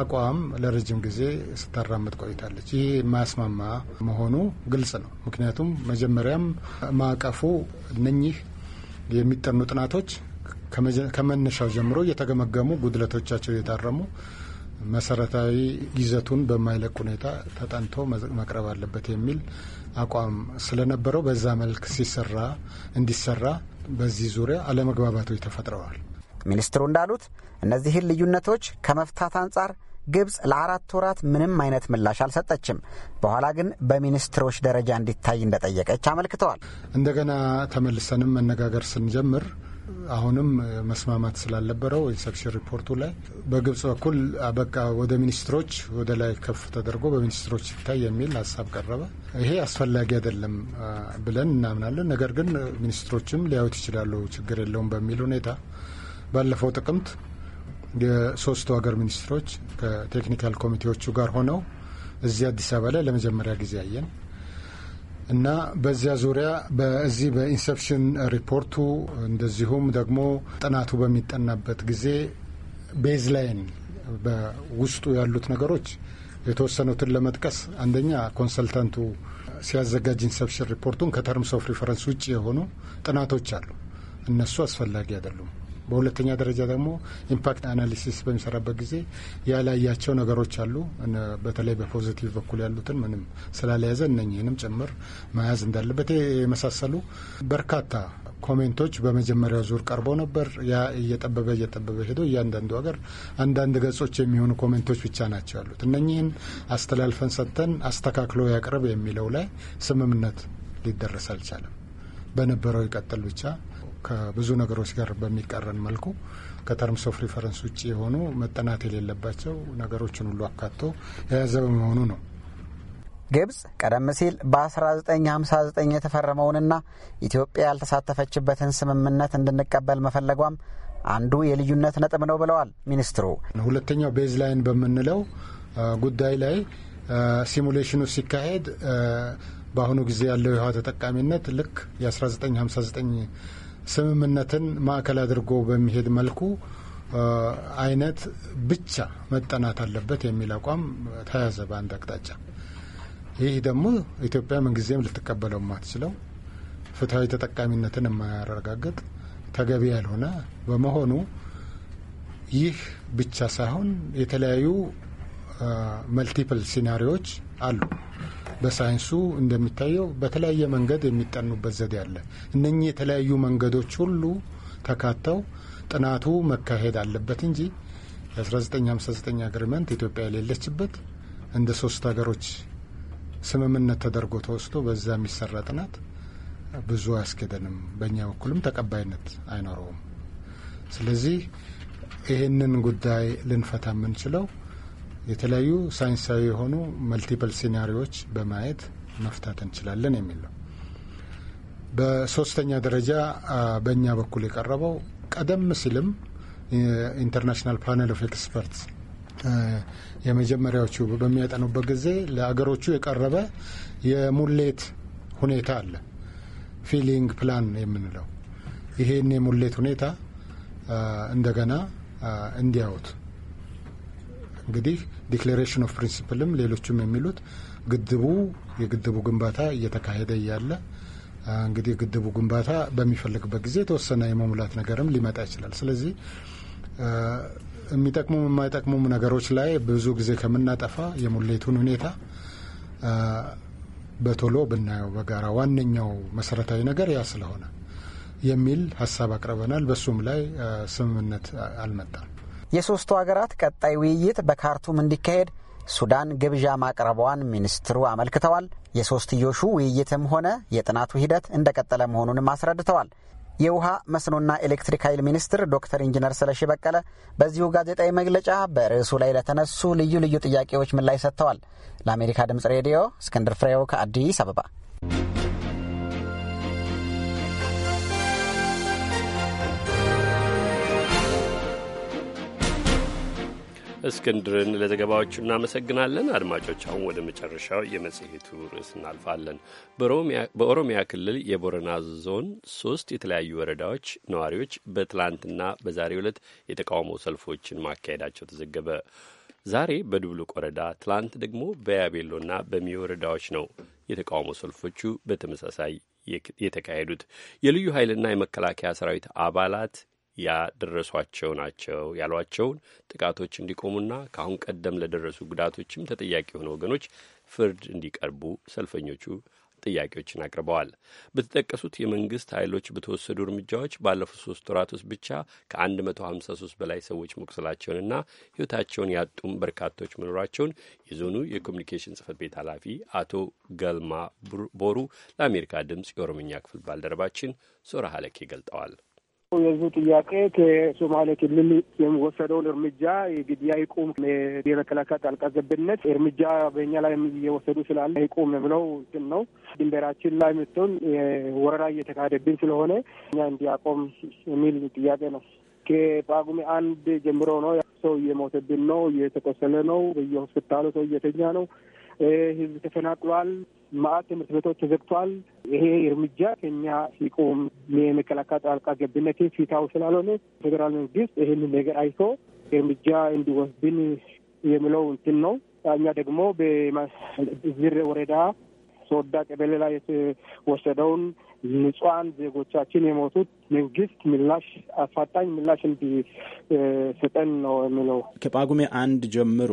አቋም ለረጅም ጊዜ ስታራምጥ ቆይታለች። ይህ የማያስማማ መሆኑ ግልጽ ነው። ምክንያቱም መጀመሪያም ማዕቀፉ እነኚህ የሚጠኑ ጥናቶች ከመነሻው ጀምሮ እየተገመገሙ ጉድለቶቻቸው እየታረሙ መሰረታዊ ይዘቱን በማይለቅ ሁኔታ ተጠንቶ መቅረብ አለበት የሚል አቋም ስለነበረው በዛ መልክ ሲሰራ እንዲሰራ በዚህ ዙሪያ አለመግባባቶች ተፈጥረዋል። ሚኒስትሩ እንዳሉት እነዚህን ልዩነቶች ከመፍታት አንጻር ግብፅ ለአራት ወራት ምንም አይነት ምላሽ አልሰጠችም። በኋላ ግን በሚኒስትሮች ደረጃ እንዲታይ እንደጠየቀች አመልክተዋል። እንደገና ተመልሰንም መነጋገር ስንጀምር አሁንም መስማማት ስላልነበረው የሰክሽን ሪፖርቱ ላይ በግብጽ በኩል በቃ ወደ ሚኒስትሮች ወደ ላይ ከፍ ተደርጎ በሚኒስትሮች ሲታይ የሚል ሀሳብ ቀረበ። ይሄ አስፈላጊ አይደለም ብለን እናምናለን። ነገር ግን ሚኒስትሮችም ሊያዩት ይችላሉ፣ ችግር የለውም በሚል ሁኔታ ባለፈው ጥቅምት የሶስቱ ሀገር ሚኒስትሮች ከቴክኒካል ኮሚቴዎቹ ጋር ሆነው እዚህ አዲስ አበባ ላይ ለመጀመሪያ ጊዜ አየን። እና በዚያ ዙሪያ በዚህ በኢንሰፕሽን ሪፖርቱ እንደዚሁም ደግሞ ጥናቱ በሚጠናበት ጊዜ ቤዝላይን በውስጡ ያሉት ነገሮች የተወሰኑትን ለመጥቀስ አንደኛ ኮንሰልታንቱ ሲያዘጋጅ ኢንሰፕሽን ሪፖርቱን ከተርምስ ኦፍ ሪፈረንስ ውጭ የሆኑ ጥናቶች አሉ። እነሱ አስፈላጊ አይደሉም። በሁለተኛ ደረጃ ደግሞ ኢምፓክት አናሊሲስ በሚሰራበት ጊዜ ያላያቸው ነገሮች አሉ። በተለይ በፖዚቲቭ በኩል ያሉትን ምንም ስላለያዘ እነኝህንም ጭምር መያዝ እንዳለበት የመሳሰሉ በርካታ ኮሜንቶች በመጀመሪያው ዙር ቀርበው ነበር። ያ እየጠበበ እየጠበበ ሄዶ እያንዳንዱ ሀገር አንዳንድ ገጾች የሚሆኑ ኮሜንቶች ብቻ ናቸው ያሉት። እነኚህን አስተላልፈን ሰጥተን አስተካክሎ ያቅርብ የሚለው ላይ ስምምነት ሊደረስ አልቻለም። በነበረው ይቀጥል ብቻ ከብዙ ነገሮች ጋር በሚቃረን መልኩ ከተርምስ ኦፍ ሪፈረንስ ውጭ የሆኑ መጠናት የሌለባቸው ነገሮችን ሁሉ አካቶ የያዘ በመሆኑ ነው። ግብጽ ቀደም ሲል በ1959 የተፈረመውንና ኢትዮጵያ ያልተሳተፈችበትን ስምምነት እንድንቀበል መፈለጓም አንዱ የልዩነት ነጥብ ነው ብለዋል ሚኒስትሩ። ሁለተኛው ቤዝ ላይን በምንለው ጉዳይ ላይ ሲሙሌሽኑ ሲካሄድ በአሁኑ ጊዜ ያለው የውሃ ተጠቃሚነት ልክ የ1959 ስምምነትን ማዕከል አድርጎ በሚሄድ መልኩ አይነት ብቻ መጠናት አለበት የሚል አቋም ተያዘ በአንድ አቅጣጫ። ይህ ደግሞ ኢትዮጵያ ምንጊዜም ልትቀበለው የማትችለው ፍትሐዊ ተጠቃሚነትን የማያረጋግጥ ተገቢ ያልሆነ በመሆኑ ይህ ብቻ ሳይሆን የተለያዩ መልቲፕል ሲናሪዎች አሉ። በሳይንሱ እንደሚታየው በተለያየ መንገድ የሚጠኑበት ዘዴ አለ። እነኚህ የተለያዩ መንገዶች ሁሉ ተካተው ጥናቱ መካሄድ አለበት እንጂ የ1959 አግሪመንት ኢትዮጵያ የሌለችበት እንደ ሶስት ሀገሮች ስምምነት ተደርጎ ተወስዶ በዛ የሚሰራ ጥናት ብዙ አያስኬደንም። በእኛ በኩልም ተቀባይነት አይኖረውም። ስለዚህ ይህንን ጉዳይ ልንፈታ የምንችለው የተለያዩ ሳይንሳዊ የሆኑ መልቲፕል ሲናሪዎች በማየት መፍታት እንችላለን የሚል ነው። በሶስተኛ ደረጃ በእኛ በኩል የቀረበው ቀደም ሲልም ኢንተርናሽናል ፓነል ኦፍ ኤክስፐርትስ የመጀመሪያዎቹ በሚያጠኑበት ጊዜ ለአገሮቹ የቀረበ የሙሌት ሁኔታ አለ፣ ፊሊንግ ፕላን የምንለው ይሄን የሙሌት ሁኔታ እንደገና እንዲያዩት እንግዲህ ዲክሌሬሽን ኦፍ ፕሪንሲፕልም ሌሎችም የሚሉት ግድቡ የግድቡ ግንባታ እየተካሄደ እያለ እንግዲህ የግድቡ ግንባታ በሚፈልግበት ጊዜ የተወሰነ የመሙላት ነገርም ሊመጣ ይችላል። ስለዚህ የሚጠቅሙም የማይጠቅሙም ነገሮች ላይ ብዙ ጊዜ ከምናጠፋ የሙሌቱን ሁኔታ በቶሎ ብናየው በጋራ ዋነኛው መሰረታዊ ነገር ያ ስለሆነ የሚል ሀሳብ አቅርበናል። በሱም ላይ ስምምነት አልመጣም። የሦስቱ አገራት ቀጣይ ውይይት በካርቱም እንዲካሄድ ሱዳን ግብዣ ማቅረቧን ሚኒስትሩ አመልክተዋል። የሦስትዮሹ ውይይትም ሆነ የጥናቱ ሂደት እንደቀጠለ መሆኑንም አስረድተዋል። የውሃ መስኖና ኤሌክትሪክ ኃይል ሚኒስትር ዶክተር ኢንጂነር ስለሺ በቀለ በዚሁ ጋዜጣዊ መግለጫ በርዕሱ ላይ ለተነሱ ልዩ ልዩ ጥያቄዎች ምላሽ ሰጥተዋል። ለአሜሪካ ድምጽ ሬዲዮ እስክንድር ፍሬው ከአዲስ አበባ እስክንድርን ለዘገባዎቹ እናመሰግናለን። አድማጮች፣ አሁን ወደ መጨረሻው የመጽሔቱ ርዕስ እናልፋለን። በኦሮሚያ ክልል የቦረና ዞን ሶስት የተለያዩ ወረዳዎች ነዋሪዎች በትላንትና በዛሬ ዕለት የተቃውሞ ሰልፎችን ማካሄዳቸው ተዘገበ። ዛሬ በዱብሉቅ ወረዳ ትላንት ደግሞ በያቤሎና በሚ ወረዳዎች ነው የተቃውሞ ሰልፎቹ በተመሳሳይ የተካሄዱት። የልዩ ኃይልና የመከላከያ ሰራዊት አባላት ያደረሷቸው ናቸው ያሏቸውን ጥቃቶች እንዲቆሙና ከአሁን ቀደም ለደረሱ ጉዳቶችም ተጠያቂ የሆኑ ወገኖች ፍርድ እንዲቀርቡ ሰልፈኞቹ ጥያቄዎችን አቅርበዋል። በተጠቀሱት የመንግስት ኃይሎች በተወሰዱ እርምጃዎች ባለፉት ሶስት ወራት ውስጥ ብቻ ከ153 በላይ ሰዎች መቁሰላቸውንና ሕይወታቸውን ያጡም በርካቶች መኖራቸውን የዞኑ የኮሚኒኬሽን ጽህፈት ቤት ኃላፊ አቶ ገልማ ቦሩ ለአሜሪካ ድምፅ የኦሮምኛ ክፍል ባልደረባችን ሶራ ሀለኬ ገልጠዋል። የህዝቡ ጥያቄ ከሶማሌ ክልል የሚወሰደውን እርምጃ የግድያ ይቁም፣ የመከላከያ ጣልቃ ገብነት እርምጃ በኛ ላይ እየወሰዱ ስላለ ይቁም ብለው እንትን ነው። ድንበራችን ላይ ምትሆን ወረራ እየተካሄደብን ስለሆነ እኛ እንዲያቆም የሚል ጥያቄ ነው። ከጳጉሜ አንድ ጀምሮ ነው ሰው እየሞተብን ነው፣ እየተቆሰለ ነው፣ በየሆስፒታሉ ሰው እየተኛ ነው፣ ህዝብ ተፈናቅሏል። ማአት ትምህርት ቤቶች ተዘግቷል ይሄ እርምጃ ከኛ ሲቆም የመከላከያ ጣልቃ ገብነት ፊታው ስላልሆነ ፌዴራል መንግስት ይህን ነገር አይቶ እርምጃ እንዲወስድን የምለው እንትን ነው። እኛ ደግሞ በዝር ወረዳ ሶወዳ ቀበሌ ላይ የተወሰደውን ንጹሐን ዜጎቻችን የሞቱት መንግስት ምላሽ አፋጣኝ ምላሽ እንዲሰጠን ነው የምለው። ከጳጉሜ አንድ ጀምሮ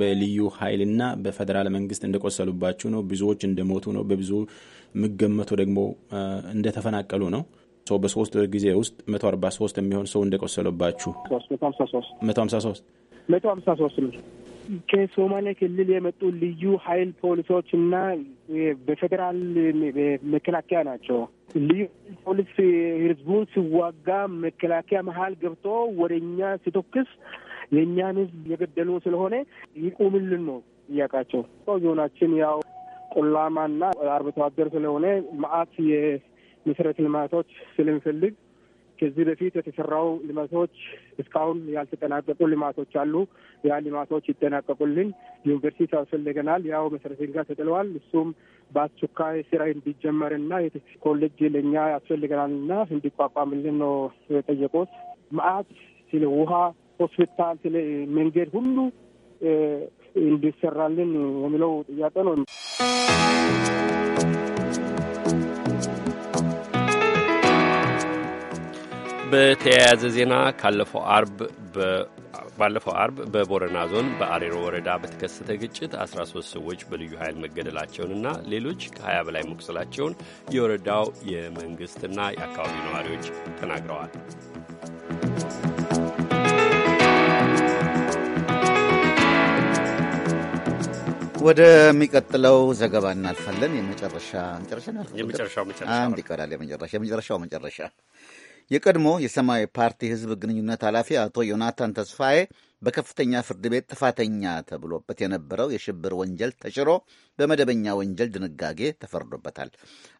በልዩ ኃይልና በፌዴራል መንግስት እንደቆሰሉባችሁ ነው። ብዙዎች እንደሞቱ ነው። በብዙ የሚገመቱ ደግሞ እንደተፈናቀሉ ነው። ሰው በሶስት ጊዜ ውስጥ መቶ አርባ ሶስት የሚሆን ሰው እንደቆሰሉባችሁ መቶ ሀምሳ ሶስት መቶ ሀምሳ ሶስት ነው። ከሶማሌ ክልል የመጡ ልዩ ኃይል ፖሊሶች እና በፌዴራል መከላከያ ናቸው። ልዩ ፖሊስ ህዝቡን ሲዋጋ መከላከያ መሀል ገብቶ ወደኛ ሲቶክስ የእኛን ህዝብ የገደሉ ስለሆነ ይቁምልን ነው ጥያቃቸው። ሰው ዞናችን ያው ቆላማና አርብቶ አደር ስለሆነ ማአት የመሰረተ ልማቶች ስለሚፈልግ ከዚህ በፊት የተሰራው ልማቶች እስካሁን ያልተጠናቀቁ ልማቶች አሉ። ያ ልማቶች ይጠናቀቁልን። ዩኒቨርሲቲ ያስፈልገናል። ያው መሰረተ ድንጋይ ተጥለዋል። እሱም በአስቸኳይ ስራ እንዲጀመርና ኮሌጅ ለእኛ ያስፈልገናልና እንዲቋቋምልን ነው የጠየቁት። ማአት ስለ ውሃ ሆስፒታል፣ መንገድ ሁሉ እንዲሰራልን የሚለው ጥያቄ ነው። በተያያዘ ዜና ካለፈው አርብ ባለፈው አርብ በቦረና ዞን በአሬሮ ወረዳ በተከሰተ ግጭት 13 ሰዎች በልዩ ኃይል መገደላቸውንና ሌሎች ከ20 በላይ መቁሰላቸውን የወረዳው የመንግሥትና የአካባቢው ነዋሪዎች ተናግረዋል። ወደሚቀጥለው ዘገባ እናልፋለን። የመጨረሻ የመጨረሻው መጨረሻ የቀድሞ የሰማያዊ ፓርቲ ህዝብ ግንኙነት ኃላፊ አቶ ዮናታን ተስፋዬ በከፍተኛ ፍርድ ቤት ጥፋተኛ ተብሎበት የነበረው የሽብር ወንጀል ተሽሮ በመደበኛ ወንጀል ድንጋጌ ተፈርዶበታል።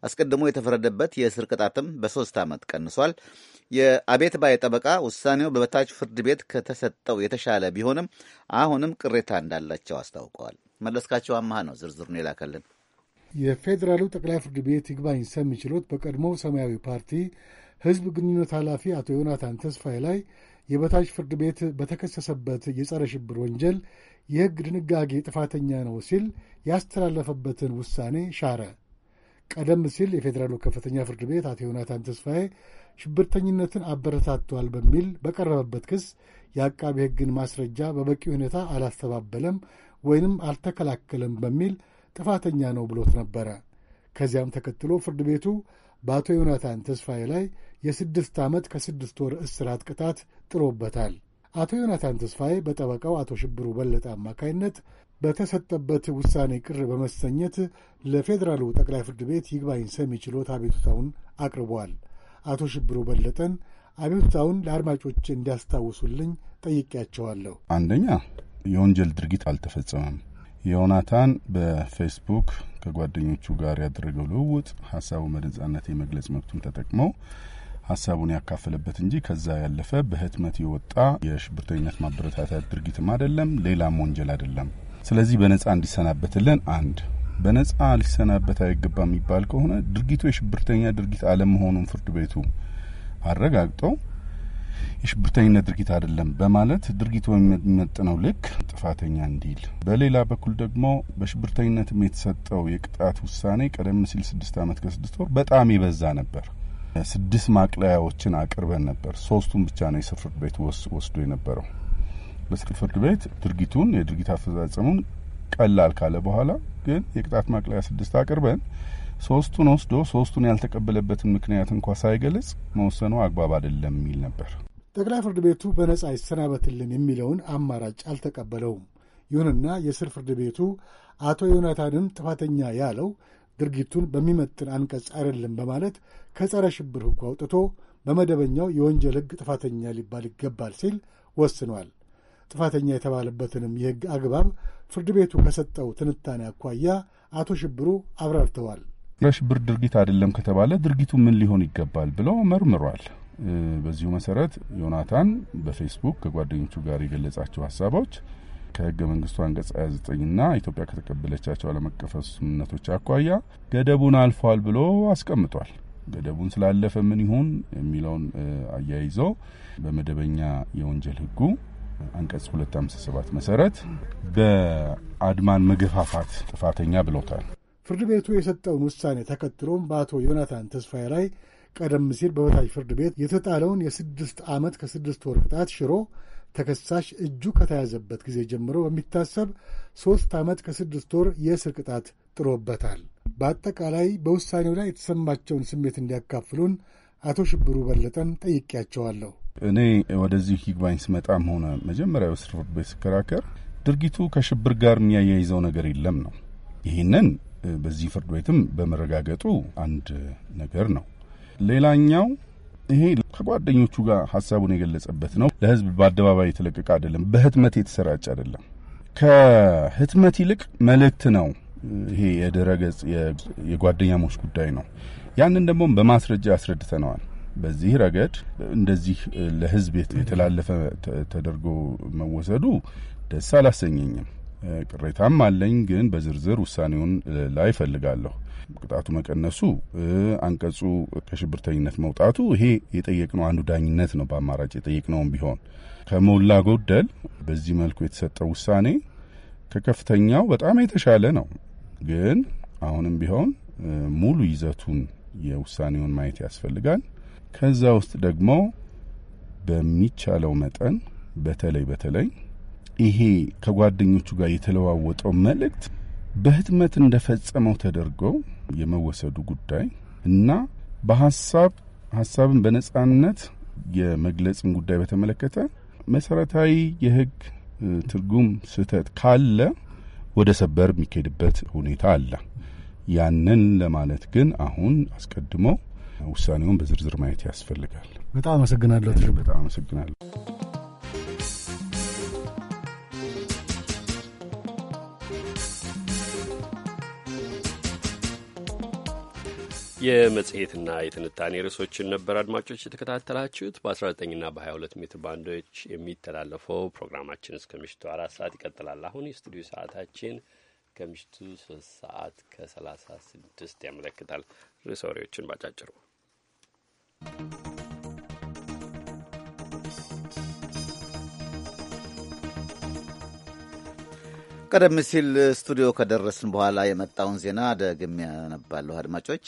አስቀድሞ የተፈረደበት የእስር ቅጣትም በሶስት ዓመት ቀንሷል። የአቤት ባይ ጠበቃ ውሳኔው በበታች ፍርድ ቤት ከተሰጠው የተሻለ ቢሆንም አሁንም ቅሬታ እንዳላቸው አስታውቀዋል። መለስካቸው አመሃ ነው ዝርዝሩን የላከልን። የፌዴራሉ ጠቅላይ ፍርድ ቤት ይግባኝ ሰሚ ችሎት በቀድሞው ሰማያዊ ፓርቲ ህዝብ ግንኙነት ኃላፊ አቶ ዮናታን ተስፋዬ ላይ የበታች ፍርድ ቤት በተከሰሰበት የጸረ ሽብር ወንጀል የሕግ ድንጋጌ ጥፋተኛ ነው ሲል ያስተላለፈበትን ውሳኔ ሻረ። ቀደም ሲል የፌዴራሉ ከፍተኛ ፍርድ ቤት አቶ ዮናታን ተስፋዬ ሽብርተኝነትን አበረታቷል በሚል በቀረበበት ክስ የአቃቢ ሕግን ማስረጃ በበቂ ሁኔታ አላስተባበለም፣ ወይንም አልተከላከለም በሚል ጥፋተኛ ነው ብሎት ነበረ። ከዚያም ተከትሎ ፍርድ ቤቱ በአቶ ዮናታን ተስፋዬ ላይ የስድስት ዓመት ከስድስት ወር እስራት ቅጣት ጥሎበታል። አቶ ዮናታን ተስፋዬ በጠበቃው አቶ ሽብሩ በለጠ አማካይነት በተሰጠበት ውሳኔ ቅር በመሰኘት ለፌዴራሉ ጠቅላይ ፍርድ ቤት ይግባኝ ሰሚ ችሎት አቤቱታውን አቅርቧል። አቶ ሽብሩ በለጠን አቤቱታውን ለአድማጮች እንዲያስታውሱልኝ ጠይቄያቸዋለሁ። አንደኛ የወንጀል ድርጊት አልተፈጸመም። ዮናታን በፌስቡክ ከጓደኞቹ ጋር ያደረገው ልውውጥ ሀሳቡን በነጻነት የመግለጽ መብቱን ተጠቅመው ሀሳቡን ያካፈለበት እንጂ ከዛ ያለፈ በህትመት የወጣ የሽብርተኝነት ማበረታታት ድርጊትም አይደለም፣ ሌላም ወንጀል አይደለም። ስለዚህ በነጻ እንዲሰናበትልን አንድ በነጻ ሊሰናበት አይገባ የሚባል ከሆነ ድርጊቱ የሽብርተኛ ድርጊት አለመሆኑን ፍርድ ቤቱ አረጋግጠው የሽብርተኝነት ድርጊት አይደለም በማለት ድርጊቱ የሚመጥነው ልክ ጥፋተኛ እንዲል፣ በሌላ በኩል ደግሞ በሽብርተኝነትም የተሰጠው የቅጣት ውሳኔ ቀደም ሲል ስድስት ዓመት ከስድስት ወር በጣም ይበዛ ነበር። ስድስት ማቅለያዎችን አቅርበን ነበር። ሶስቱን ብቻ ነው የስር ፍርድ ቤት ወስዶ የነበረው። በስር ፍርድ ቤት ድርጊቱን የድርጊት አፈጻጸሙን ቀላል ካለ በኋላ ግን የቅጣት ማቅለያ ስድስት አቅርበን ሶስቱን ወስዶ ሶስቱን ያልተቀበለበትን ምክንያት እንኳ ሳይገልጽ መወሰኑ አግባብ አይደለም የሚል ነበር። ጠቅላይ ፍርድ ቤቱ በነጻ ይሰናበትልን የሚለውን አማራጭ አልተቀበለውም። ይሁንና የስር ፍርድ ቤቱ አቶ ዮናታንም ጥፋተኛ ያለው ድርጊቱን በሚመጥን አንቀጽ አይደለም በማለት ከጸረ ሽብር ሕጉ አውጥቶ በመደበኛው የወንጀል ሕግ ጥፋተኛ ሊባል ይገባል ሲል ወስኗል። ጥፋተኛ የተባለበትንም የሕግ አግባብ ፍርድ ቤቱ ከሰጠው ትንታኔ አኳያ አቶ ሽብሩ አብራርተዋል። የሽብር ድርጊት አይደለም ከተባለ ድርጊቱ ምን ሊሆን ይገባል ብሎ መርምሯል። በዚሁ መሰረት ዮናታን በፌስቡክ ከጓደኞቹ ጋር የገለጻቸው ሀሳቦች ከህገ መንግስቱ አንቀጽ 29ና ኢትዮጵያ ከተቀበለቻቸው ዓለም አቀፍ ስምምነቶች አኳያ ገደቡን አልፏል ብሎ አስቀምጧል። ገደቡን ስላለፈ ምን ይሁን የሚለውን አያይዞ በመደበኛ የወንጀል ህጉ አንቀጽ 257 መሰረት በአድማን መገፋፋት ጥፋተኛ ብሎታል። ፍርድ ቤቱ የሰጠውን ውሳኔ ተከትሎም በአቶ ዮናታን ተስፋዬ ላይ ቀደም ሲል በበታች ፍርድ ቤት የተጣለውን የስድስት ዓመት ከስድስት ወር ቅጣት ሽሮ ተከሳሽ እጁ ከተያዘበት ጊዜ ጀምሮ በሚታሰብ ሦስት ዓመት ከስድስት ወር የእስር ቅጣት ጥሎበታል። በአጠቃላይ በውሳኔው ላይ የተሰማቸውን ስሜት እንዲያካፍሉን አቶ ሽብሩ በለጠን ጠይቄያቸዋለሁ። እኔ ወደዚህ ይግባኝ ስመጣም ሆነ መጀመሪያ እስር ፍርድ ቤት ስከራከር ድርጊቱ ከሽብር ጋር የሚያያይዘው ነገር የለም ነው። ይህንን በዚህ ፍርድ ቤትም በመረጋገጡ አንድ ነገር ነው። ሌላኛው ይሄ ከጓደኞቹ ጋር ሀሳቡን የገለጸበት ነው። ለህዝብ በአደባባይ የተለቀቀ አይደለም፣ በህትመት የተሰራጨ አይደለም። ከህትመት ይልቅ መልእክት ነው። ይሄ የድረገጽ የጓደኛሞች ጉዳይ ነው። ያንን ደግሞ በማስረጃ አስረድተነዋል። በዚህ ረገድ እንደዚህ ለህዝብ የተላለፈ ተደርጎ መወሰዱ ደስ አላሰኘኝም። ቅሬታም አለኝ፣ ግን በዝርዝር ውሳኔውን ላይ እፈልጋለሁ። ቅጣቱ መቀነሱ፣ አንቀጹ ከሽብርተኝነት መውጣቱ፣ ይሄ የጠየቅነው አንዱ ዳኝነት ነው። በአማራጭ የጠየቅነውም ቢሆን ከሞላ ጎደል በዚህ መልኩ የተሰጠው ውሳኔ ከከፍተኛው በጣም የተሻለ ነው። ግን አሁንም ቢሆን ሙሉ ይዘቱን የውሳኔውን ማየት ያስፈልጋል። ከዛ ውስጥ ደግሞ በሚቻለው መጠን በተለይ በተለይ ይሄ ከጓደኞቹ ጋር የተለዋወጠው መልእክት በህትመት እንደፈጸመው ተደርጎ የመወሰዱ ጉዳይ እና በሀሳብ ሀሳብን በነጻነት የመግለጽን ጉዳይ በተመለከተ መሰረታዊ የህግ ትርጉም ስህተት ካለ ወደ ሰበር የሚካሄድበት ሁኔታ አለ። ያንን ለማለት ግን አሁን አስቀድሞ ውሳኔውን በዝርዝር ማየት ያስፈልጋል። በጣም አመሰግናለሁ። በጣም አመሰግናለሁ። የመጽሔትና የትንታኔ ርዕሶችን ነበር አድማጮች የተከታተላችሁት። በ19ና በ22 ሜትር ባንዶች የሚተላለፈው ፕሮግራማችን እስከ ምሽቱ አራት ሰዓት ይቀጥላል። አሁን የስቱዲዮ ሰዓታችን ከምሽቱ ሶስት ሰዓት ከ36 ያመለክታል። ርዕሰ ወሬዎችን ባጫጭሩ ቀደም ሲል ስቱዲዮ ከደረስን በኋላ የመጣውን ዜና ደግሜ ያነባለሁ አድማጮች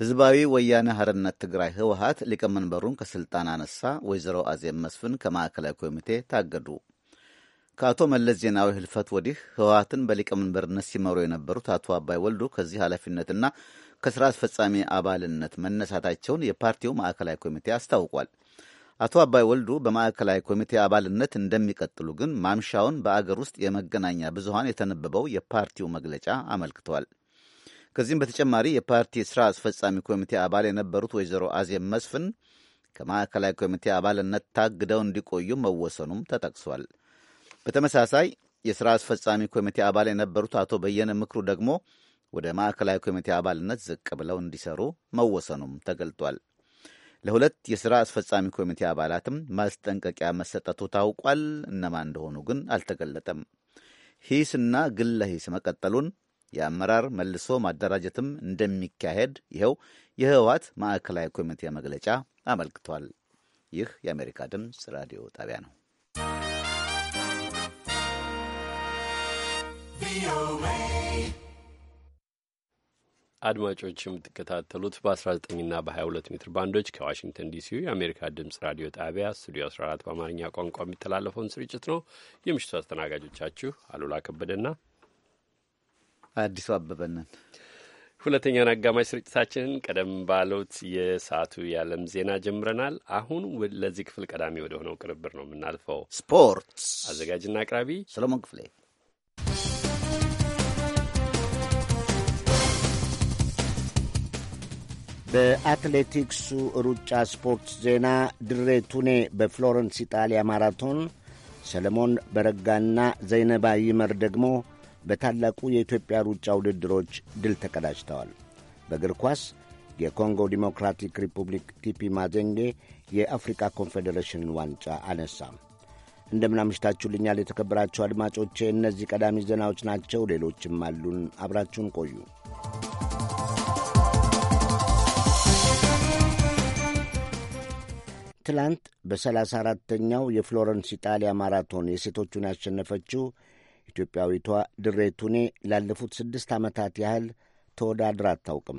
ህዝባዊ ወያነ ሐርነት ትግራይ ህወሀት ሊቀመንበሩን ከስልጣን አነሳ። ወይዘሮ አዜብ መስፍን ከማዕከላዊ ኮሚቴ ታገዱ። ከአቶ መለስ ዜናዊ ህልፈት ወዲህ ህወሀትን በሊቀመንበርነት ሲመሩ የነበሩት አቶ አባይ ወልዱ ከዚህ ኃላፊነትና ከስራ አስፈጻሚ አባልነት መነሳታቸውን የፓርቲው ማዕከላዊ ኮሚቴ አስታውቋል። አቶ አባይ ወልዱ በማዕከላዊ ኮሚቴ አባልነት እንደሚቀጥሉ ግን ማምሻውን በአገር ውስጥ የመገናኛ ብዙሃን የተነበበው የፓርቲው መግለጫ አመልክቷል። ከዚህም በተጨማሪ የፓርቲ ስራ አስፈጻሚ ኮሚቴ አባል የነበሩት ወይዘሮ አዜብ መስፍን ከማዕከላዊ ኮሚቴ አባልነት ታግደው እንዲቆዩ መወሰኑም ተጠቅሷል። በተመሳሳይ የስራ አስፈጻሚ ኮሚቴ አባል የነበሩት አቶ በየነ ምክሩ ደግሞ ወደ ማዕከላዊ ኮሚቴ አባልነት ዝቅ ብለው እንዲሰሩ መወሰኑም ተገልጧል። ለሁለት የሥራ አስፈጻሚ ኮሚቴ አባላትም ማስጠንቀቂያ መሰጠቱ ታውቋል። እነማን እንደሆኑ ግን አልተገለጠም። ሂስና ግለ ሂስ መቀጠሉን የአመራር መልሶ ማደራጀትም እንደሚካሄድ ይኸው የህወሓት ማዕከላዊ ኮሚቴ መግለጫ አመልክቷል። ይህ የአሜሪካ ድምፅ ራዲዮ ጣቢያ ነው። አድማጮች የምትከታተሉት በ19ና በ22 ሜትር ባንዶች ከዋሽንግተን ዲሲ የአሜሪካ ድምፅ ራዲዮ ጣቢያ ስቱዲዮ 14 በአማርኛ ቋንቋ የሚተላለፈውን ስርጭት ነው። የምሽቱ አስተናጋጆቻችሁ አሉላ ከበደና አዲሱ አበበነን ሁለተኛውን አጋማሽ ስርጭታችንን ቀደም ባሉት የሰዓቱ የዓለም ዜና ጀምረናል። አሁን ለዚህ ክፍል ቀዳሚ ወደ ሆነው ቅንብር ነው የምናልፈው። ስፖርት አዘጋጅና አቅራቢ ሰሎሞን ክፍሌ። በአትሌቲክሱ ሩጫ ስፖርት ዜና ድሬ ቱኔ በፍሎረንስ ኢጣሊያ ማራቶን ሰለሞን በረጋና ዘይነባ ይመር ደግሞ በታላቁ የኢትዮጵያ ሩጫ ውድድሮች ድል ተቀዳጅተዋል። በእግር ኳስ የኮንጎ ዲሞክራቲክ ሪፑብሊክ ቲፒ ማዘንጌ የአፍሪካ ኮንፌዴሬሽንን ዋንጫ አነሳ። እንደምናምሽታችሁልኛል የተከበራችሁ አድማጮቼ፣ እነዚህ ቀዳሚ ዜናዎች ናቸው። ሌሎችም አሉን። አብራችሁን ቆዩ። ትላንት በ34ተኛው የፍሎረንስ ኢጣሊያ ማራቶን የሴቶቹን ያሸነፈችው ኢትዮጵያዊቷ ድሬቱኔ ላለፉት ስድስት ዓመታት ያህል ተወዳድራ አታውቅም።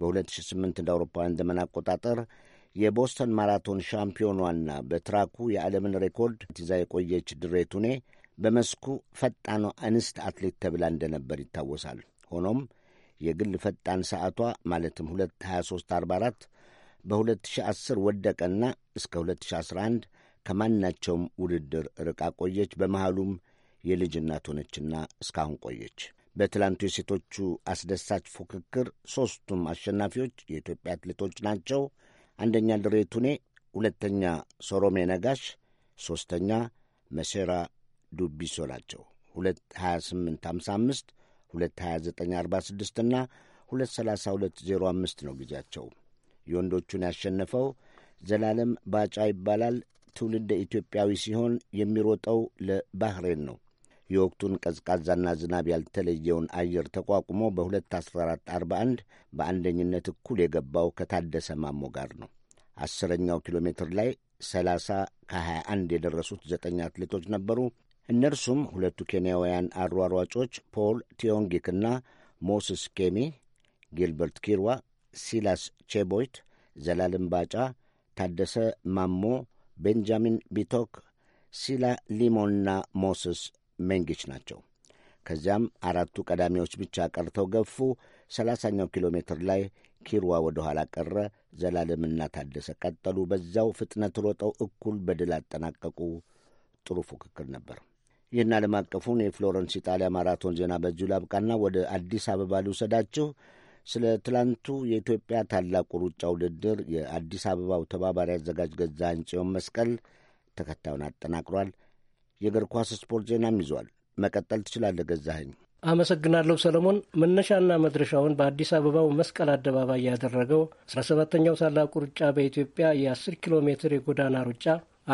በ2008 እንደ አውሮፓውያን ዘመን አቆጣጠር የቦስተን ማራቶን ሻምፒዮኗና በትራኩ የዓለምን ሬኮርድ ይዛ የቆየች ድሬቱኔ በመስኩ ፈጣኗ እንስት አትሌት ተብላ እንደነበር ይታወሳል። ሆኖም የግል ፈጣን ሰዓቷ ማለትም 2፡23፡44 በ2010 ወደቀና እስከ 2011 ከማናቸውም ውድድር ርቃ ቆየች። በመሃሉም የልጅ እናት ሆነችና እስካሁን ቆየች። በትላንቱ የሴቶቹ አስደሳች ፉክክር ሦስቱም አሸናፊዎች የኢትዮጵያ አትሌቶች ናቸው። አንደኛ ድሬ ቱኔ፣ ሁለተኛ ሶሮሜ ነጋሽ፣ ሦስተኛ መሴራ ዱቢሶ ናቸው። 22855 22946 እና 23205 ነው ጊዜያቸው። የወንዶቹን ያሸነፈው ዘላለም ባጫ ይባላል። ትውልደ ኢትዮጵያዊ ሲሆን የሚሮጠው ለባህሬን ነው። የወቅቱን ቀዝቃዛና ዝናብ ያልተለየውን አየር ተቋቁሞ በ21441 በአንደኝነት እኩል የገባው ከታደሰ ማሞ ጋር ነው። አስረኛው ኪሎ ሜትር ላይ 30 ከ21 የደረሱት ዘጠኝ አትሌቶች ነበሩ። እነርሱም ሁለቱ ኬንያውያን አሯሯጮች ፖል ቲዮንጊክና ሞስስ ኬሚ፣ ጊልበርት ኪርዋ፣ ሲላስ ቼቦይት፣ ዘላለም ባጫ፣ ታደሰ ማሞ፣ ቤንጃሚን ቢቶክ ሲላ ሊሞንና ሞስስ ሜንጌች ናቸው። ከዚያም አራቱ ቀዳሚዎች ብቻ ቀርተው ገፉ። ሰላሳኛው ኪሎ ሜትር ላይ ኪርዋ ወደ ኋላ ቀረ። ዘላለምና ታደሰ ቀጠሉ። በዚያው ፍጥነት ሮጠው እኩል በድል አጠናቀቁ። ጥሩ ፉክክር ነበር። ይህን ዓለም አቀፉን የፍሎረንስ ኢጣሊያ ማራቶን ዜና በዚሁ ላብቃና ወደ አዲስ አበባ ልውሰዳችሁ። ስለ ትላንቱ የኢትዮጵያ ታላቁ ሩጫ ውድድር የአዲስ አበባው ተባባሪ አዘጋጅ ገዛ ጽዮን መስቀል ተከታዩን አጠናቅሯል። የእግር ኳስ ስፖርት ዜናም ይዟል። መቀጠል ትችላለህ ገዛኸኝ። አመሰግናለሁ ሰለሞን። መነሻና መድረሻውን በአዲስ አበባው መስቀል አደባባይ ያደረገው 17ኛው ታላቁ ሩጫ በኢትዮጵያ የ10 ኪሎ ሜትር የጎዳና ሩጫ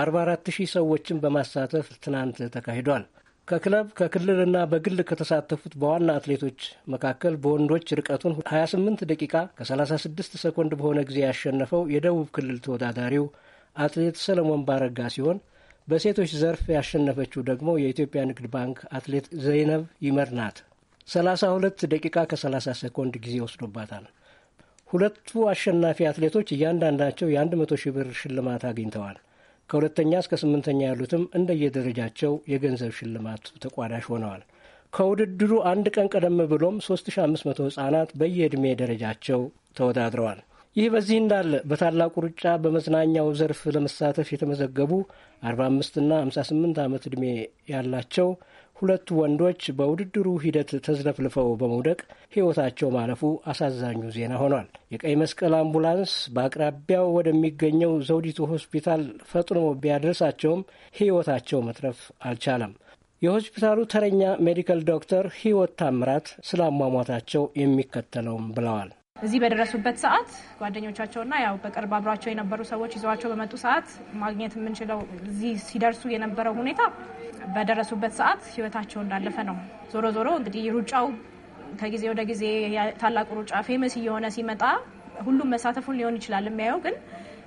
44,000 ሰዎችን በማሳተፍ ትናንት ተካሂዷል። ከክለብ ከክልልና በግል ከተሳተፉት በዋና አትሌቶች መካከል በወንዶች ርቀቱን 28 ደቂቃ ከ36 ሰኮንድ በሆነ ጊዜ ያሸነፈው የደቡብ ክልል ተወዳዳሪው አትሌት ሰለሞን ባረጋ ሲሆን በሴቶች ዘርፍ ያሸነፈችው ደግሞ የኢትዮጵያ ንግድ ባንክ አትሌት ዘይነብ ይመር ናት። 32 ደቂቃ ከ30 ሴኮንድ ጊዜ ወስዶባታል። ሁለቱ አሸናፊ አትሌቶች እያንዳንዳቸው የ100 ሺህ ብር ሽልማት አግኝተዋል። ከሁለተኛ እስከ ስምንተኛ ያሉትም እንደየደረጃቸው የገንዘብ ሽልማት ተቋዳሽ ሆነዋል። ከውድድሩ አንድ ቀን ቀደም ብሎም 3500 ህጻናት በየዕድሜ ደረጃቸው ተወዳድረዋል። ይህ በዚህ እንዳለ በታላቁ ሩጫ በመዝናኛው ዘርፍ ለመሳተፍ የተመዘገቡ 45ና 58 ስምንት ዓመት ዕድሜ ያላቸው ሁለቱ ወንዶች በውድድሩ ሂደት ተዝለፍልፈው በመውደቅ ሕይወታቸው ማለፉ አሳዛኙ ዜና ሆኗል። የቀይ መስቀል አምቡላንስ በአቅራቢያው ወደሚገኘው ዘውዲቱ ሆስፒታል ፈጥኖ ቢያደርሳቸውም ሕይወታቸው መትረፍ አልቻለም። የሆስፒታሉ ተረኛ ሜዲካል ዶክተር ሕይወት ታምራት ስለ አሟሟታቸው የሚከተለውም ብለዋል። እዚህ በደረሱበት ሰዓት ጓደኞቻቸውና ያው በቅርብ አብሯቸው የነበሩ ሰዎች ይዘዋቸው በመጡ ሰዓት ማግኘት የምንችለው እዚህ ሲደርሱ የነበረው ሁኔታ በደረሱበት ሰዓት ህይወታቸው እንዳለፈ ነው። ዞሮ ዞሮ እንግዲህ ሩጫው ከጊዜ ወደ ጊዜ ታላቁ ሩጫ ፌመስ እየሆነ ሲመጣ ሁሉም መሳተፉን ሊሆን ይችላል የሚያየው ግን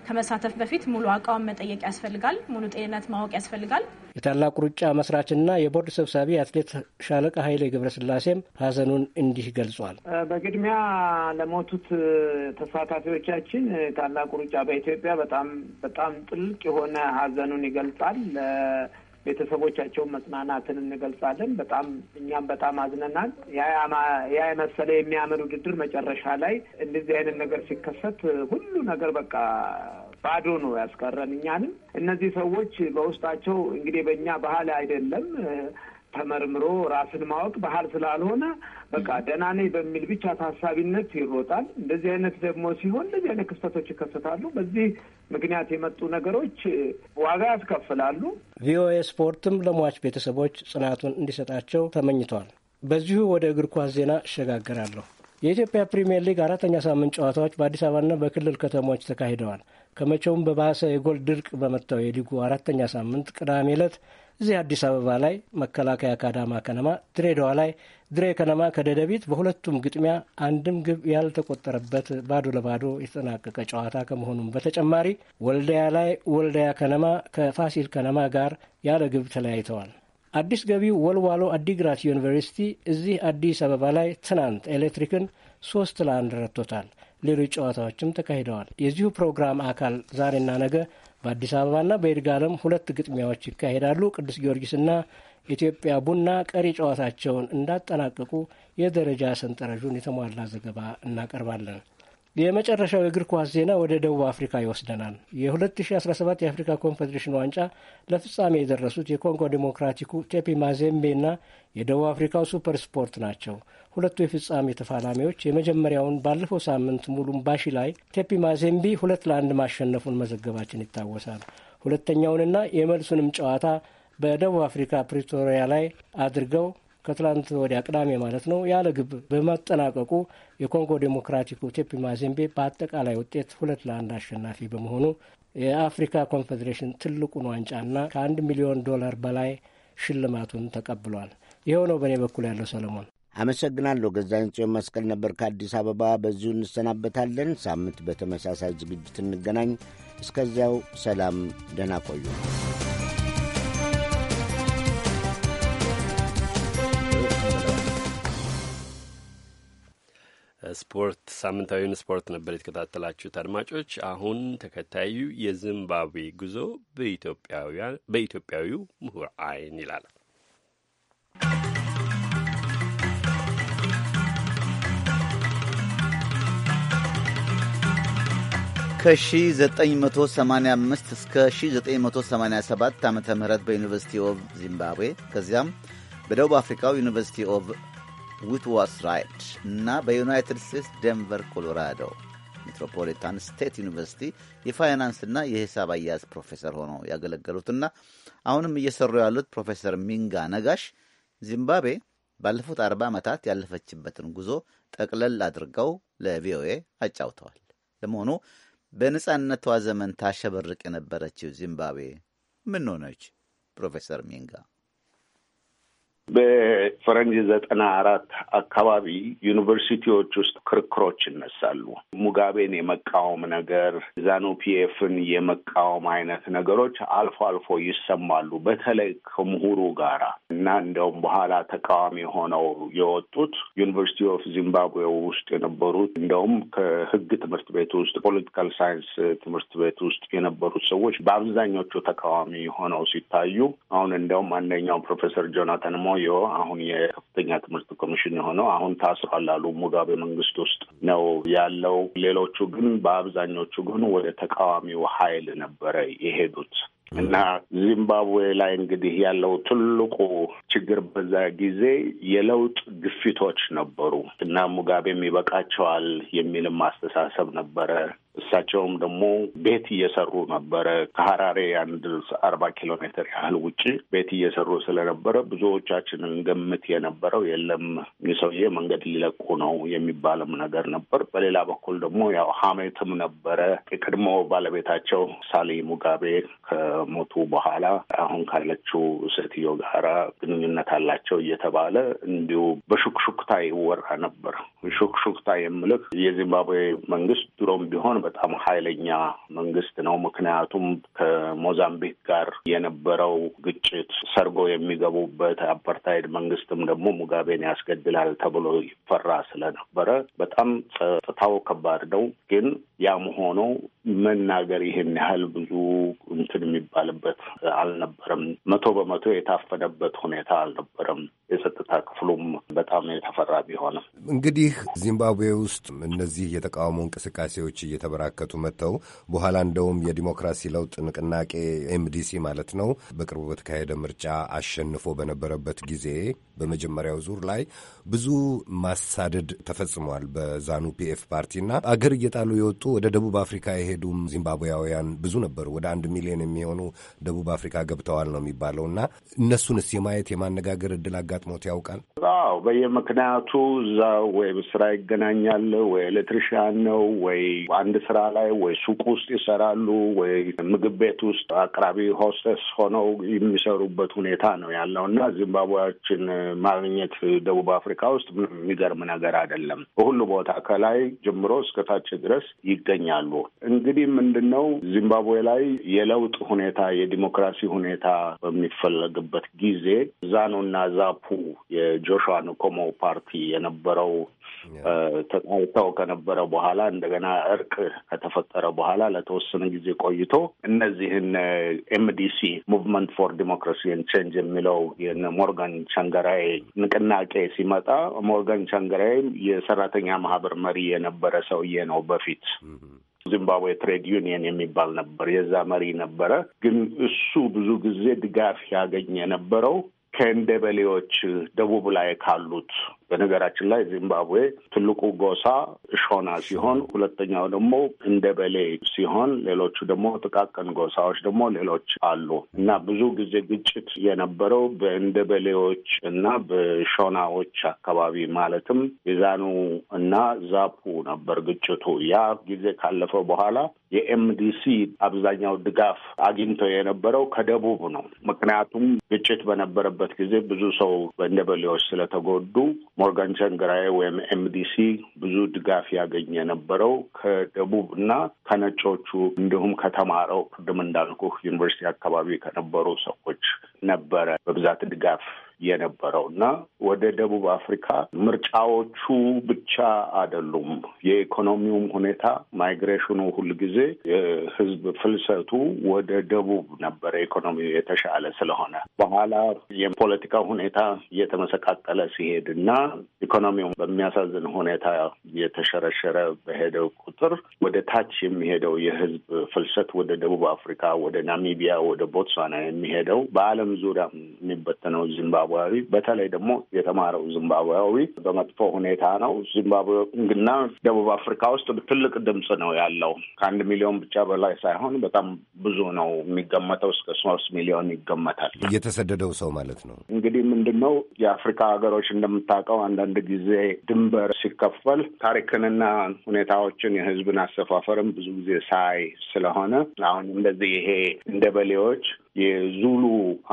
ከመሳተፍ በፊት ሙሉ አቋም መጠየቅ ያስፈልጋል። ሙሉ ጤንነት ማወቅ ያስፈልጋል። የታላቁ ሩጫ መስራችና የቦርድ ሰብሳቢ አትሌት ሻለቃ ኃይሌ ገብረስላሴም ሀዘኑን እንዲህ ገልጿል። በቅድሚያ ለሞቱት ተሳታፊዎቻችን ታላቁ ሩጫ በኢትዮጵያ በጣም በጣም ጥልቅ የሆነ ሀዘኑን ይገልጻል። ቤተሰቦቻቸውን መጽናናትን እንገልጻለን። በጣም እኛም በጣም አዝነናል። ያ የመሰለ የሚያምር ውድድር መጨረሻ ላይ እንደዚህ አይነት ነገር ሲከሰት ሁሉ ነገር በቃ ባዶ ነው ያስቀረን እኛንም። እነዚህ ሰዎች በውስጣቸው እንግዲህ በእኛ ባህል አይደለም ተመርምሮ ራስን ማወቅ ባህል ስላልሆነ በቃ ደህና ነኝ በሚል ብቻ ታሳቢነት ይሮጣል። እንደዚህ አይነት ደግሞ ሲሆን እንደዚህ አይነት ክስተቶች ይከሰታሉ። በዚህ ምክንያት የመጡ ነገሮች ዋጋ ያስከፍላሉ። ቪኦኤ ስፖርትም ለሟች ቤተሰቦች ጽናቱን እንዲሰጣቸው ተመኝቷል። በዚሁ ወደ እግር ኳስ ዜና እሸጋገራለሁ። የኢትዮጵያ ፕሪምየር ሊግ አራተኛ ሳምንት ጨዋታዎች በአዲስ አበባና በክልል ከተሞች ተካሂደዋል። ከመቼውም በባሰ የጎል ድርቅ በመታው የሊጉ አራተኛ ሳምንት ቅዳሜ ዕለት እዚህ አዲስ አበባ ላይ መከላከያ ከአዳማ ከነማ፣ ድሬዳዋ ላይ ድሬ ከነማ ከደደቢት በሁለቱም ግጥሚያ አንድም ግብ ያልተቆጠረበት ባዶ ለባዶ የተጠናቀቀ ጨዋታ ከመሆኑም በተጨማሪ ወልዳያ ላይ ወልዳያ ከነማ ከፋሲል ከነማ ጋር ያለ ግብ ተለያይተዋል። አዲስ ገቢው ወልዋሎ አዲግራት ዩኒቨርሲቲ እዚህ አዲስ አበባ ላይ ትናንት ኤሌክትሪክን ሶስት ለአንድ ረቶታል ሌሎች ጨዋታዎችም ተካሂደዋል። የዚሁ ፕሮግራም አካል ዛሬና ነገ በአዲስ አበባና በይርጋለም ሁለት ግጥሚያዎች ይካሄዳሉ። ቅዱስ ጊዮርጊስና ኢትዮጵያ ቡና ቀሪ ጨዋታቸውን እንዳጠናቀቁ የደረጃ ሰንጠረዡን የተሟላ ዘገባ እናቀርባለን። የመጨረሻው የእግር ኳስ ዜና ወደ ደቡብ አፍሪካ ይወስደናል። የ2017 የአፍሪካ ኮንፌዴሬሽን ዋንጫ ለፍጻሜ የደረሱት የኮንጎ ዴሞክራቲኩ ቴፒ ማዜምቤና የደቡብ አፍሪካው ሱፐር ስፖርት ናቸው። ሁለቱ የፍጻሜ ተፋላሚዎች የመጀመሪያውን ባለፈው ሳምንት ሙሉምባሺ ላይ ቴፒ ማዜምቢ ሁለት ለአንድ ማሸነፉን መዘገባችን ይታወሳል። ሁለተኛውንና የመልሱንም ጨዋታ በደቡብ አፍሪካ ፕሪቶሪያ ላይ አድርገው ከትላንት ወዲያ ቅዳሜ ማለት ነው ያለ ግብ በማጠናቀቁ የኮንጎ ዴሞክራቲክ ቴፒ ማዜምቤ በአጠቃላይ ውጤት ሁለት ለአንድ አሸናፊ በመሆኑ የአፍሪካ ኮንፌዴሬሽን ትልቁን ዋንጫና ከአንድ ሚሊዮን ዶላር በላይ ሽልማቱን ተቀብሏል። ይኸው ነው በእኔ በኩል ያለው። ሰለሞን አመሰግናለሁ። ገዛኝ ጽዮን መስቀል ነበር ከአዲስ አበባ። በዚሁ እንሰናበታለን። ሳምንት በተመሳሳይ ዝግጅት እንገናኝ። እስከዚያው ሰላም፣ ደህና ቆዩ። ስፖርት ሳምንታዊን ስፖርት ነበር የተከታተላችሁት አድማጮች። አሁን ተከታዩ የዚምባብዌ ጉዞ በኢትዮጵያዊው ምሁር አይን ይላል። ከ1985 እስከ 1987 ዓ ም በዩኒቨርሲቲ ኦፍ ዚምባብዌ ከዚያም በደቡብ አፍሪካው ዩኒቨርሲቲ ኦፍ ዊት ራይድ እና በዩናይትድ ስቴትስ ደንቨር ኮሎራዶ ሜትሮፖሊታን ስቴት ዩኒቨርሲቲ የፋይናንስና የሂሳብ አያያዝ ፕሮፌሰር ሆነው ያገለገሉትና አሁንም እየሰሩ ያሉት ፕሮፌሰር ሚንጋ ነጋሽ ዚምባብዌ ባለፉት አርባ ዓመታት ያለፈችበትን ጉዞ ጠቅለል አድርገው ለቪኦኤ አጫውተዋል። ለመሆኑ በነጻነቷ ዘመን ታሸበርቅ የነበረችው ዚምባብዌ ምን ሆነች? ፕሮፌሰር ሚንጋ በፈረንጅ ዘጠና አራት አካባቢ ዩኒቨርሲቲዎች ውስጥ ክርክሮች ይነሳሉ። ሙጋቤን የመቃወም ነገር፣ ዛኑ ፒኤፍን የመቃወም አይነት ነገሮች አልፎ አልፎ ይሰማሉ። በተለይ ከምሁሩ ጋራ እና እንደውም በኋላ ተቃዋሚ ሆነው የወጡት ዩኒቨርሲቲ ኦፍ ዚምባብዌ ውስጥ የነበሩት እንደውም ከህግ ትምህርት ቤት ውስጥ ፖለቲካል ሳይንስ ትምህርት ቤት ውስጥ የነበሩት ሰዎች በአብዛኞቹ ተቃዋሚ ሆነው ሲታዩ አሁን እንደውም አንደኛው ፕሮፌሰር ጆናታን ሞ ሞዮ አሁን የከፍተኛ ትምህርት ኮሚሽን የሆነው አሁን ታስሯል አሉ። ሙጋቤ መንግስት ውስጥ ነው ያለው። ሌሎቹ ግን በአብዛኞቹ ግን ወደ ተቃዋሚው ኃይል ነበረ የሄዱት እና ዚምባብዌ ላይ እንግዲህ ያለው ትልቁ ችግር በዛ ጊዜ የለውጥ ግፊቶች ነበሩ እና ሙጋቤም ይበቃቸዋል የሚልም አስተሳሰብ ነበረ። እሳቸውም ደግሞ ቤት እየሰሩ ነበረ። ከሀራሬ አንድ አርባ ኪሎ ሜትር ያህል ውጭ ቤት እየሰሩ ስለነበረ ብዙዎቻችንን ገምት የነበረው የለም ሰውዬ መንገድ ሊለቁ ነው የሚባልም ነገር ነበር። በሌላ በኩል ደግሞ ያው ሀሜትም ነበረ። የቀድሞ ባለቤታቸው ሳሊ ሙጋቤ ከሞቱ በኋላ አሁን ካለችው ሴትዮ ጋራ ግንኙነት አላቸው እየተባለ እንዲሁ በሹክሹክታ ይወራ ነበር። ሹክሹክታ የምልህ የዚምባብዌ መንግስት ድሮም ቢሆን በጣም ኃይለኛ መንግስት ነው። ምክንያቱም ከሞዛምቢክ ጋር የነበረው ግጭት ሰርጎ የሚገቡበት አፓርታይድ መንግስትም ደግሞ ሙጋቤን ያስገድላል ተብሎ ይፈራ ስለነበረ በጣም ጸጥታው ከባድ ነው። ግን ያም ሆኖ መናገር ይህን ያህል ብዙ እንትን የሚባልበት አልነበረም። መቶ በመቶ የታፈነበት ሁኔታ አልነበረም። የጸጥታ ክፍሉም በጣም የተፈራ ቢሆንም እንግዲህ ዚምባብዌ ውስጥ እነዚህ የተቃውሞ እንቅስቃሴዎች እየተ እየተበራከቱ መጥተው በኋላ እንደውም የዲሞክራሲ ለውጥ ንቅናቄ ኤምዲሲ ማለት ነው በቅርቡ በተካሄደ ምርጫ አሸንፎ በነበረበት ጊዜ በመጀመሪያው ዙር ላይ ብዙ ማሳደድ ተፈጽሟል በዛኑ ፒኤፍ ፓርቲና አገር እየጣሉ የወጡ ወደ ደቡብ አፍሪካ የሄዱም ዚምባብያውያን ብዙ ነበሩ። ወደ አንድ ሚሊዮን የሚሆኑ ደቡብ አፍሪካ ገብተዋል ነው የሚባለው እና እነሱንስ የማየት የማነጋገር እድል አጋጥሞት ያውቃል? አዎ፣ በየምክንያቱ እዛ ወይ ስራ ይገናኛል ወይ ኤሌክትሪሽያን ነው ወይ አንድ ስራ ላይ ወይ ሱቅ ውስጥ ይሰራሉ ወይ ምግብ ቤት ውስጥ አቅራቢ ሆስተስ ሆነው የሚሰሩበት ሁኔታ ነው ያለው እና ዚምባብዌያችን ማግኘት ደቡብ አፍሪካ ውስጥ የሚገርም ነገር አይደለም። በሁሉ ቦታ ከላይ ጀምሮ እስከታች ድረስ ይገኛሉ። እንግዲህ ምንድን ነው ዚምባብዌ ላይ የለውጥ ሁኔታ የዲሞክራሲ ሁኔታ በሚፈለግበት ጊዜ ዛኑና ዛፑ የጆሹዋ ንኮሞ ፓርቲ የነበረው ተጣልተው ከነበረ በኋላ እንደገና እርቅ ከተፈጠረ በኋላ ለተወሰነ ጊዜ ቆይቶ እነዚህን ኤምዲሲ ሙቭመንት ፎር ዲሞክራሲ ን ቼንጅ የሚለው ሞርጋን ቻንገራይ ንቅናቄ ሲመጣ ሞርጋን ቻንገራይ የሰራተኛ ማህበር መሪ የነበረ ሰውዬ ነው በፊት ዚምባብዌ ትሬድ ዩኒየን የሚባል ነበር። የዛ መሪ ነበረ። ግን እሱ ብዙ ጊዜ ድጋፍ ያገኝ የነበረው ከእንደበሌዎች ደቡብ ላይ ካሉት በነገራችን ላይ ዚምባብዌ ትልቁ ጎሳ ሾና ሲሆን፣ ሁለተኛው ደግሞ እንደ በሌ ሲሆን፣ ሌሎቹ ደግሞ ጥቃቅን ጎሳዎች ደግሞ ሌሎች አሉ እና ብዙ ጊዜ ግጭት የነበረው በእንደ በሌዎች እና በሾናዎች አካባቢ ማለትም የዛኑ እና ዛፑ ነበር ግጭቱ። ያ ጊዜ ካለፈ በኋላ የኤምዲሲ አብዛኛው ድጋፍ አግኝቶ የነበረው ከደቡብ ነው። ምክንያቱም ግጭት በነበረበት ጊዜ ብዙ ሰው በእንደበሌዎች ስለተጎዱ ሞርጋን ቸንግራዬ ወይም ኤምዲሲ ብዙ ድጋፍ ያገኝ የነበረው ከደቡብ እና ከነጮቹ እንዲሁም ከተማረው ቅድም እንዳልኩ ዩኒቨርሲቲ አካባቢ ከነበሩ ሰዎች ነበረ በብዛት ድጋፍ የነበረው እና ወደ ደቡብ አፍሪካ ምርጫዎቹ ብቻ አይደሉም። የኢኮኖሚውም ሁኔታ ማይግሬሽኑ ሁልጊዜ የህዝብ ፍልሰቱ ወደ ደቡብ ነበረ። ኢኮኖሚ የተሻለ ስለሆነ በኋላ የፖለቲካ ሁኔታ እየተመሰቃቀለ ሲሄድ እና ኢኮኖሚውም በሚያሳዝን ሁኔታ የተሸረሸረ በሄደው ቁጥር ወደ ታች የሚሄደው የህዝብ ፍልሰት ወደ ደቡብ አፍሪካ፣ ወደ ናሚቢያ፣ ወደ ቦትስዋና የሚሄደው በዓለም ዙሪያ የሚበተነው ዚምባ ዚምባብዌያዊ በተለይ ደግሞ የተማረው ዚምባብዌያዊ በመጥፎ ሁኔታ ነው። ዚምባብዌ እና ደቡብ አፍሪካ ውስጥ ትልቅ ድምፅ ነው ያለው። ከአንድ ሚሊዮን ብቻ በላይ ሳይሆን በጣም ብዙ ነው የሚገመተው። እስከ ሶስት ሚሊዮን ይገመታል። የተሰደደው ሰው ማለት ነው። እንግዲህ ምንድን ነው የአፍሪካ ሀገሮች እንደምታውቀው አንዳንድ ጊዜ ድንበር ሲከፈል ታሪክንና ሁኔታዎችን የህዝብን አሰፋፈርም ብዙ ጊዜ ሳይ ስለሆነ አሁን እንደዚህ ይሄ እንደ በሌዎች የዙሉ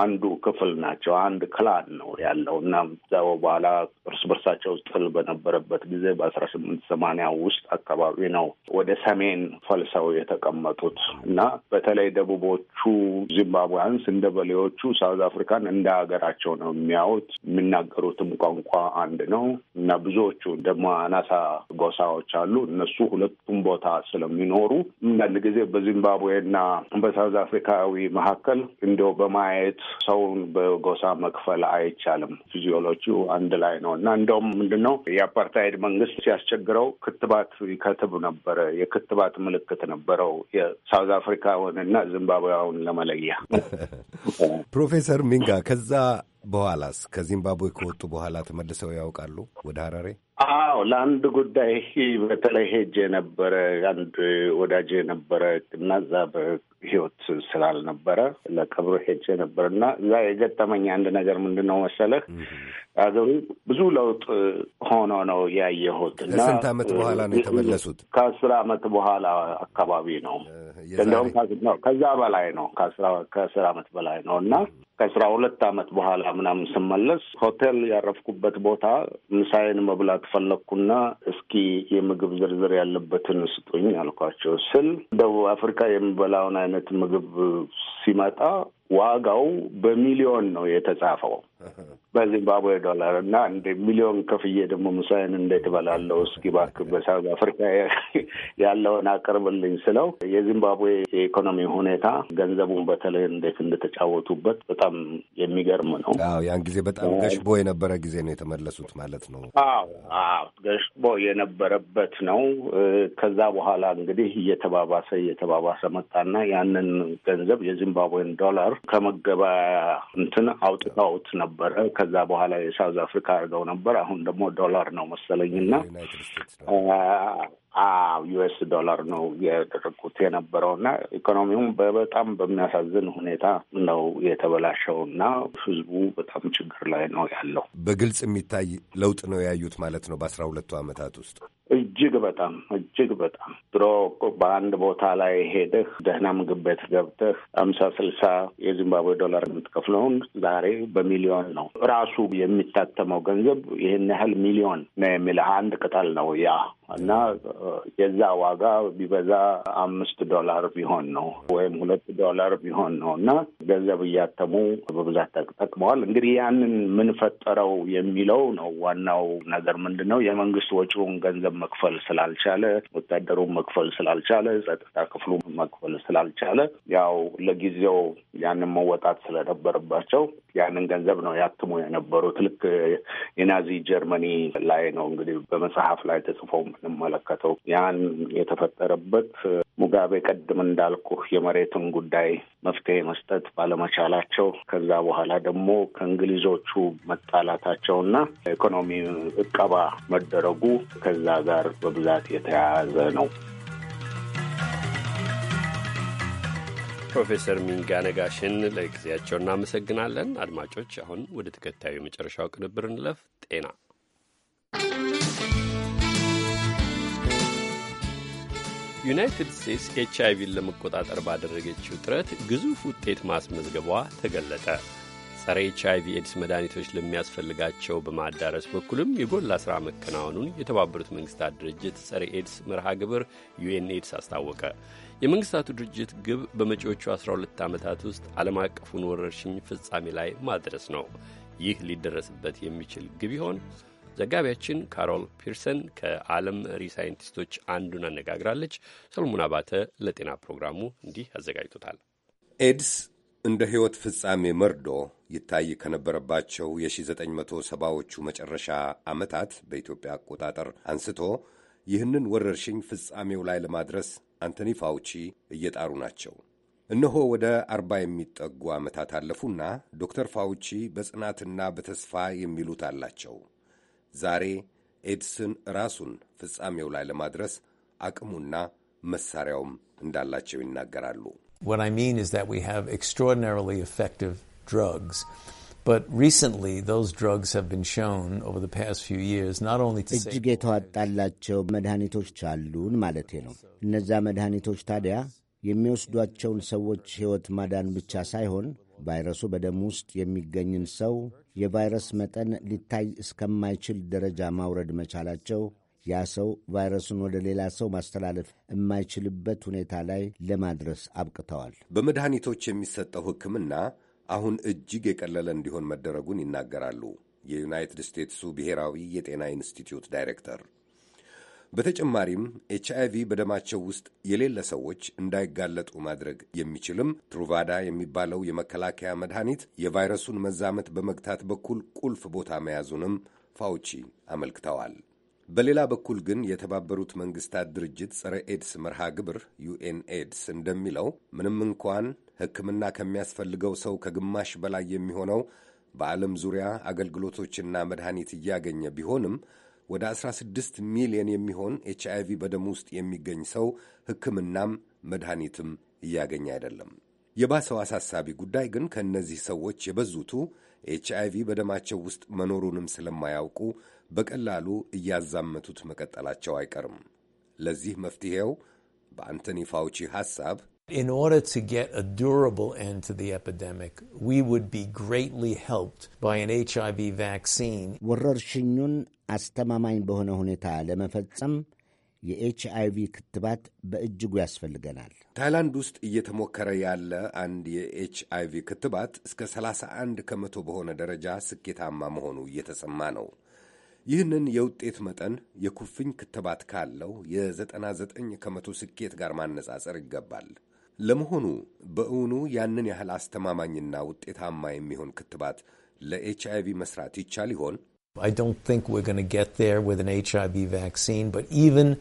አንዱ ክፍል ናቸው። አንድ ክላን ነው ያለው እና ዛው በኋላ እርስ በርሳቸው ጥል በነበረበት ጊዜ በአስራ ስምንት ሰማንያ ውስጥ አካባቢ ነው ወደ ሰሜን ፈልሰው የተቀመጡት እና በተለይ ደቡቦቹ ዚምባብዌያንስ እንደ በሌዎቹ ሳውዝ አፍሪካን እንደ ሀገራቸው ነው የሚያዩት። የሚናገሩትም ቋንቋ አንድ ነው እና ብዙዎቹ ደግሞ አናሳ ጎሳዎች አሉ። እነሱ ሁለቱም ቦታ ስለሚኖሩ አንዳንድ ጊዜ በዚምባብዌ በዚምባብዌና በሳውዝ አፍሪካዊ መካከል እንደው በማየት ሰውን በጎሳ መክፈል አይቻልም። ፊዚዮሎጂ አንድ ላይ ነው እና እንደውም ምንድን ነው የአፓርታይድ መንግስት ሲያስቸግረው ክትባት ይከትብ ነበረ። የክትባት ምልክት ነበረው የሳውዝ አፍሪካውን እና ዚምባብዌውን ለመለያ። ፕሮፌሰር ሚንጋ ከዛ በኋላስ ከዚምባብዌ ከወጡ በኋላ ተመልሰው ያውቃሉ ወደ ሀራሬ? አዎ ለአንድ ጉዳይ በተለይ ሄጄ ነበረ። አንድ ወዳጅ ነበረ እና እዛ ህይወት ስላልነበረ ለቀብሮ ሄጄ ነበር እና እዛ የገጠመኝ አንድ ነገር ምንድን ነው መሰለህ፣ አገሩ ብዙ ለውጥ ሆኖ ነው ያየሁት። ከስንት ዓመት በኋላ ነው የተመለሱት? ከአስር ዓመት በኋላ አካባቢ ነው። እንደውም ከዛ በላይ ነው፣ ከአስር አመት በላይ ነው እና ከአስራ ሁለት አመት በኋላ ምናምን ስመለስ ሆቴል ያረፍኩበት ቦታ ምሳዬን መብላት ፈለግኩና እስኪ የምግብ ዝርዝር ያለበትን ስጡኝ አልኳቸው ስል ደቡብ አፍሪካ የሚበላውን አይነት አይነት ምግብ ሲመጣ ዋጋው በሚሊዮን ነው የተጻፈው በዚምባብዌ ዶላር እና እንደ ሚሊዮን ከፍዬ ደግሞ ምሳይን እንዴት እበላለሁ? እስኪ እባክህ በሳውዝ አፍሪካ ያለውን አቅርብልኝ ስለው የዚምባብዌ የኢኮኖሚ ሁኔታ ገንዘቡን በተለይ እንዴት እንደተጫወቱበት በጣም የሚገርም ነው። አዎ ያን ጊዜ በጣም ገሽቦ የነበረ ጊዜ ነው የተመለሱት ማለት ነው። አዎ አዎ ገሽቦ የነበረበት ነው። ከዛ በኋላ እንግዲህ እየተባባሰ እየተባባሰ መጣና ያንን ገንዘብ የዚምባብዌን ዶላር ከመገበያ እንትን አውጥተውት ነበረ። ከዛ በኋላ የሳውዝ አፍሪካ አድርገው ነበር። አሁን ደግሞ ዶላር ነው መሰለኝና ዩኤስ ዶላር ነው ያደረጉት የነበረው እና ኢኮኖሚውም በጣም በሚያሳዝን ሁኔታ ነው የተበላሸው እና ህዝቡ በጣም ችግር ላይ ነው ያለው። በግልጽ የሚታይ ለውጥ ነው ያዩት ማለት ነው በአስራ ሁለቱ ዓመታት ውስጥ እጅግ በጣም እጅግ በጣም ድሮ በአንድ ቦታ ላይ ሄደህ ደህና ምግብ ቤት ገብተህ አምሳ ስልሳ የዚምባብዌ ዶላር የምትከፍለውን ዛሬ በሚሊዮን ነው ራሱ የሚታተመው ገንዘብ ይህን ያህል ሚሊዮን ነው የሚልህ አንድ ቅጠል ነው ያ እና የዛ ዋጋ ቢበዛ አምስት ዶላር ቢሆን ነው ወይም ሁለት ዶላር ቢሆን ነው እና ገንዘብ እያተሙ በብዛት ተጠቅመዋል። እንግዲህ ያንን ምን ፈጠረው የሚለው ነው ዋናው ነገር ምንድን ነው? የመንግስት ወጪውን ገንዘብ መክፈል ስላልቻለ፣ ወታደሩን መክፈል ስላልቻለ፣ ጸጥታ ክፍሉ መክፈል ስላልቻለ፣ ያው ለጊዜው ያንን መወጣት ስለነበረባቸው ያንን ገንዘብ ነው ያትሙ የነበሩት። ልክ የናዚ ጀርመኒ ላይ ነው እንግዲህ በመጽሐፍ ላይ ተጽፎ የምንመለከተው ያን የተፈጠረበት ሙጋቤ ቀድም እንዳልኩ የመሬቱን ጉዳይ መፍትሄ መስጠት ባለመቻላቸው ከዛ በኋላ ደግሞ ከእንግሊዞቹ መጣላታቸውና ኢኮኖሚ እቀባ መደረጉ ከዛ ጋር በብዛት የተያያዘ ነው። ፕሮፌሰር ሚንጋ ነጋሽን ለጊዜያቸው እናመሰግናለን። አድማጮች፣ አሁን ወደ ተከታዩ የመጨረሻው ቅንብር እንለፍ። ጤና ዩናይትድ ስቴትስ ኤች አይቪን ለመቆጣጠር ባደረገችው ጥረት ግዙፍ ውጤት ማስመዝገቧ ተገለጠ። ጸረ ኤች አይቪ ኤድስ መድኃኒቶች ለሚያስፈልጋቸው በማዳረስ በኩልም የጎላ ሥራ መከናወኑን የተባበሩት መንግስታት ድርጅት ጸረ ኤድስ መርሃ ግብር ዩኤን ኤድስ አስታወቀ። የመንግስታቱ ድርጅት ግብ በመጪዎቹ 12 ዓመታት ውስጥ ዓለም አቀፉን ወረርሽኝ ፍጻሜ ላይ ማድረስ ነው። ይህ ሊደረስበት የሚችል ግብ ይሆን? ዘጋቢያችን ካሮል ፒርሰን ከዓለም ሪሳይንቲስቶች ሳይንቲስቶች አንዱን አነጋግራለች። ሰሎሞን አባተ ለጤና ፕሮግራሙ እንዲህ አዘጋጅቶታል። ኤድስ እንደ ሕይወት ፍጻሜ መርዶ ይታይ ከነበረባቸው የ1970ዎቹ መጨረሻ ዓመታት በኢትዮጵያ አቆጣጠር አንስቶ ይህንን ወረርሽኝ ፍጻሜው ላይ ለማድረስ አንቶኒ ፋውቺ እየጣሩ ናቸው። እነሆ ወደ አርባ የሚጠጉ ዓመታት አለፉና ዶክተር ፋውቺ በጽናትና በተስፋ የሚሉት አላቸው። ዛሬ ኤድስን ራሱን ፍጻሜው ላይ ለማድረስ አቅሙና መሳሪያውም እንዳላቸው ይናገራሉ። እጅግ የተዋጣላቸው መድኃኒቶች አሉን ማለቴ ነው። እነዚያ መድኃኒቶች ታዲያ የሚወስዷቸውን ሰዎች ሕይወት ማዳን ብቻ ሳይሆን ቫይረሱ በደም ውስጥ የሚገኝን ሰው የቫይረስ መጠን ሊታይ እስከማይችል ደረጃ ማውረድ መቻላቸው ያ ሰው ቫይረሱን ወደ ሌላ ሰው ማስተላለፍ የማይችልበት ሁኔታ ላይ ለማድረስ አብቅተዋል። በመድኃኒቶች የሚሰጠው ሕክምና አሁን እጅግ የቀለለ እንዲሆን መደረጉን ይናገራሉ የዩናይትድ ስቴትሱ ብሔራዊ የጤና ኢንስቲትዩት ዳይሬክተር በተጨማሪም ኤች አይቪ በደማቸው ውስጥ የሌለ ሰዎች እንዳይጋለጡ ማድረግ የሚችልም ትሩቫዳ የሚባለው የመከላከያ መድኃኒት የቫይረሱን መዛመት በመግታት በኩል ቁልፍ ቦታ መያዙንም ፋውቺ አመልክተዋል። በሌላ በኩል ግን የተባበሩት መንግስታት ድርጅት ጸረ ኤድስ መርሃ ግብር ዩኤን ኤድስ እንደሚለው ምንም እንኳን ሕክምና ከሚያስፈልገው ሰው ከግማሽ በላይ የሚሆነው በዓለም ዙሪያ አገልግሎቶችና መድኃኒት እያገኘ ቢሆንም ወደ 16 ሚሊዮን የሚሆን ኤች አይቪ በደም ውስጥ የሚገኝ ሰው ሕክምናም መድኃኒትም እያገኘ አይደለም። የባሰው አሳሳቢ ጉዳይ ግን ከእነዚህ ሰዎች የበዙቱ ኤች አይቪ በደማቸው ውስጥ መኖሩንም ስለማያውቁ በቀላሉ እያዛመቱት መቀጠላቸው አይቀርም። ለዚህ መፍትሄው በአንቶኒ ፋውቺ ሐሳብ In order to get a durable end to the epidemic, we would be greatly helped by an HIV vaccine. ወረርሽኙን አስተማማኝ በሆነ ሁኔታ ለመፈጸም የኤችአይቪ ክትባት በእጅጉ ያስፈልገናል። ታይላንድ ውስጥ እየተሞከረ ያለ አንድ የኤችአይቪ ክትባት እስከ 31 ከመቶ በሆነ ደረጃ ስኬታማ መሆኑ እየተሰማ ነው። ይህንን የውጤት መጠን የኩፍኝ ክትባት ካለው የ99 ከመቶ ስኬት ጋር ማነጻጸር ይገባል። ለመሆኑ በእውኑ ያንን ያህል አስተማማኝና ውጤታማ የሚሆን ክትባት ለኤችአይቪ መስራት ይቻል ይሆን? I don't think we're going to get there with an HIV vaccine, but even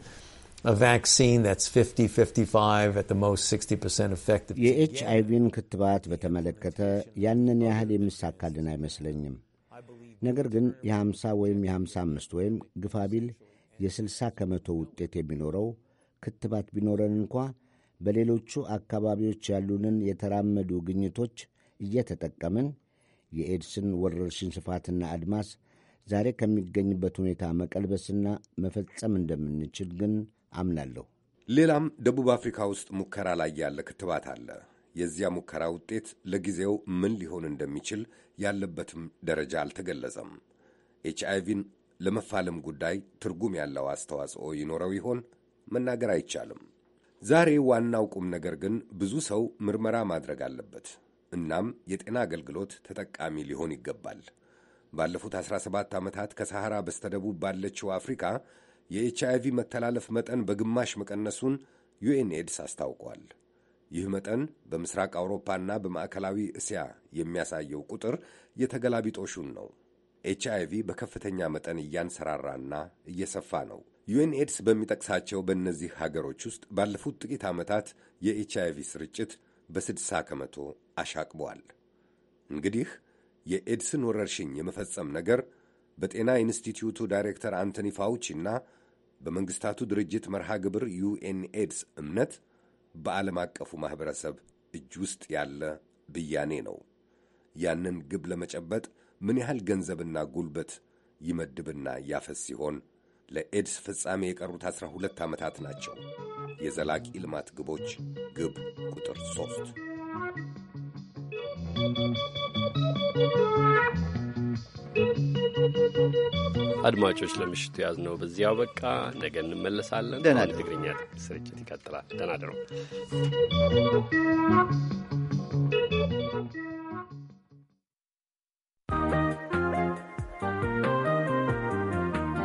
a vaccine that's 50, 55, at the most 60% effective. የኤች አይቪን ክትባት በተመለከተ ያንን ያህል የሚሳካልን አይመስለኝም። ነገር ግን የ50 ወይም የ55 ወይም ግፋቢል የ60 ከመቶ ውጤት የሚኖረው ክትባት ቢኖረን እንኳ በሌሎቹ አካባቢዎች ያሉንን የተራመዱ ግኝቶች እየተጠቀምን የኤድስን ወረርሽኝ ስፋትና አድማስ ዛሬ ከሚገኝበት ሁኔታ መቀልበስና መፈጸም እንደምንችል ግን አምናለሁ። ሌላም ደቡብ አፍሪካ ውስጥ ሙከራ ላይ ያለ ክትባት አለ። የዚያ ሙከራ ውጤት ለጊዜው ምን ሊሆን እንደሚችል ያለበትም ደረጃ አልተገለጸም። ኤች አይቪን ለመፋለም ጉዳይ ትርጉም ያለው አስተዋጽኦ ይኖረው ይሆን? መናገር አይቻልም። ዛሬ ዋናው ቁም ነገር ግን ብዙ ሰው ምርመራ ማድረግ አለበት። እናም የጤና አገልግሎት ተጠቃሚ ሊሆን ይገባል። ባለፉት 17 ዓመታት ከሰሐራ በስተደቡብ ባለችው አፍሪካ የኤች አይቪ መተላለፍ መጠን በግማሽ መቀነሱን ዩኤን ኤድስ አስታውቋል። ይህ መጠን በምስራቅ አውሮፓና በማዕከላዊ እስያ የሚያሳየው ቁጥር የተገላቢጦሹን ነው። ኤች አይቪ በከፍተኛ መጠን እያንሰራራና እየሰፋ ነው። ኤድስ በሚጠቅሳቸው በእነዚህ ሀገሮች ውስጥ ባለፉት ጥቂት ዓመታት የኤች አይቪ ስርጭት በስድሳ ከመቶ አሻቅቧል። እንግዲህ የኤድስን ወረርሽኝ የመፈጸም ነገር በጤና ኢንስቲትዩቱ ዳይሬክተር አንቶኒ ፋውቺ እና በመንግስታቱ ድርጅት መርሃ ግብር ዩኤን ኤድስ እምነት በዓለም አቀፉ ማኅበረሰብ እጅ ውስጥ ያለ ብያኔ ነው። ያንን ግብ ለመጨበጥ ምን ያህል ገንዘብና ጉልበት ይመድብና ያፈስ ሲሆን ለኤድስ ፍጻሜ የቀሩት አስራ ሁለት ዓመታት ናቸው። የዘላቂ ልማት ግቦች ግብ ቁጥር ሦስት አድማጮች ለምሽቱ ያዝነው በዚያው በቃ። ነገ እንመለሳለን። ትግርኛ ስርጭት ይቀጥላል። ደህና ደሩ።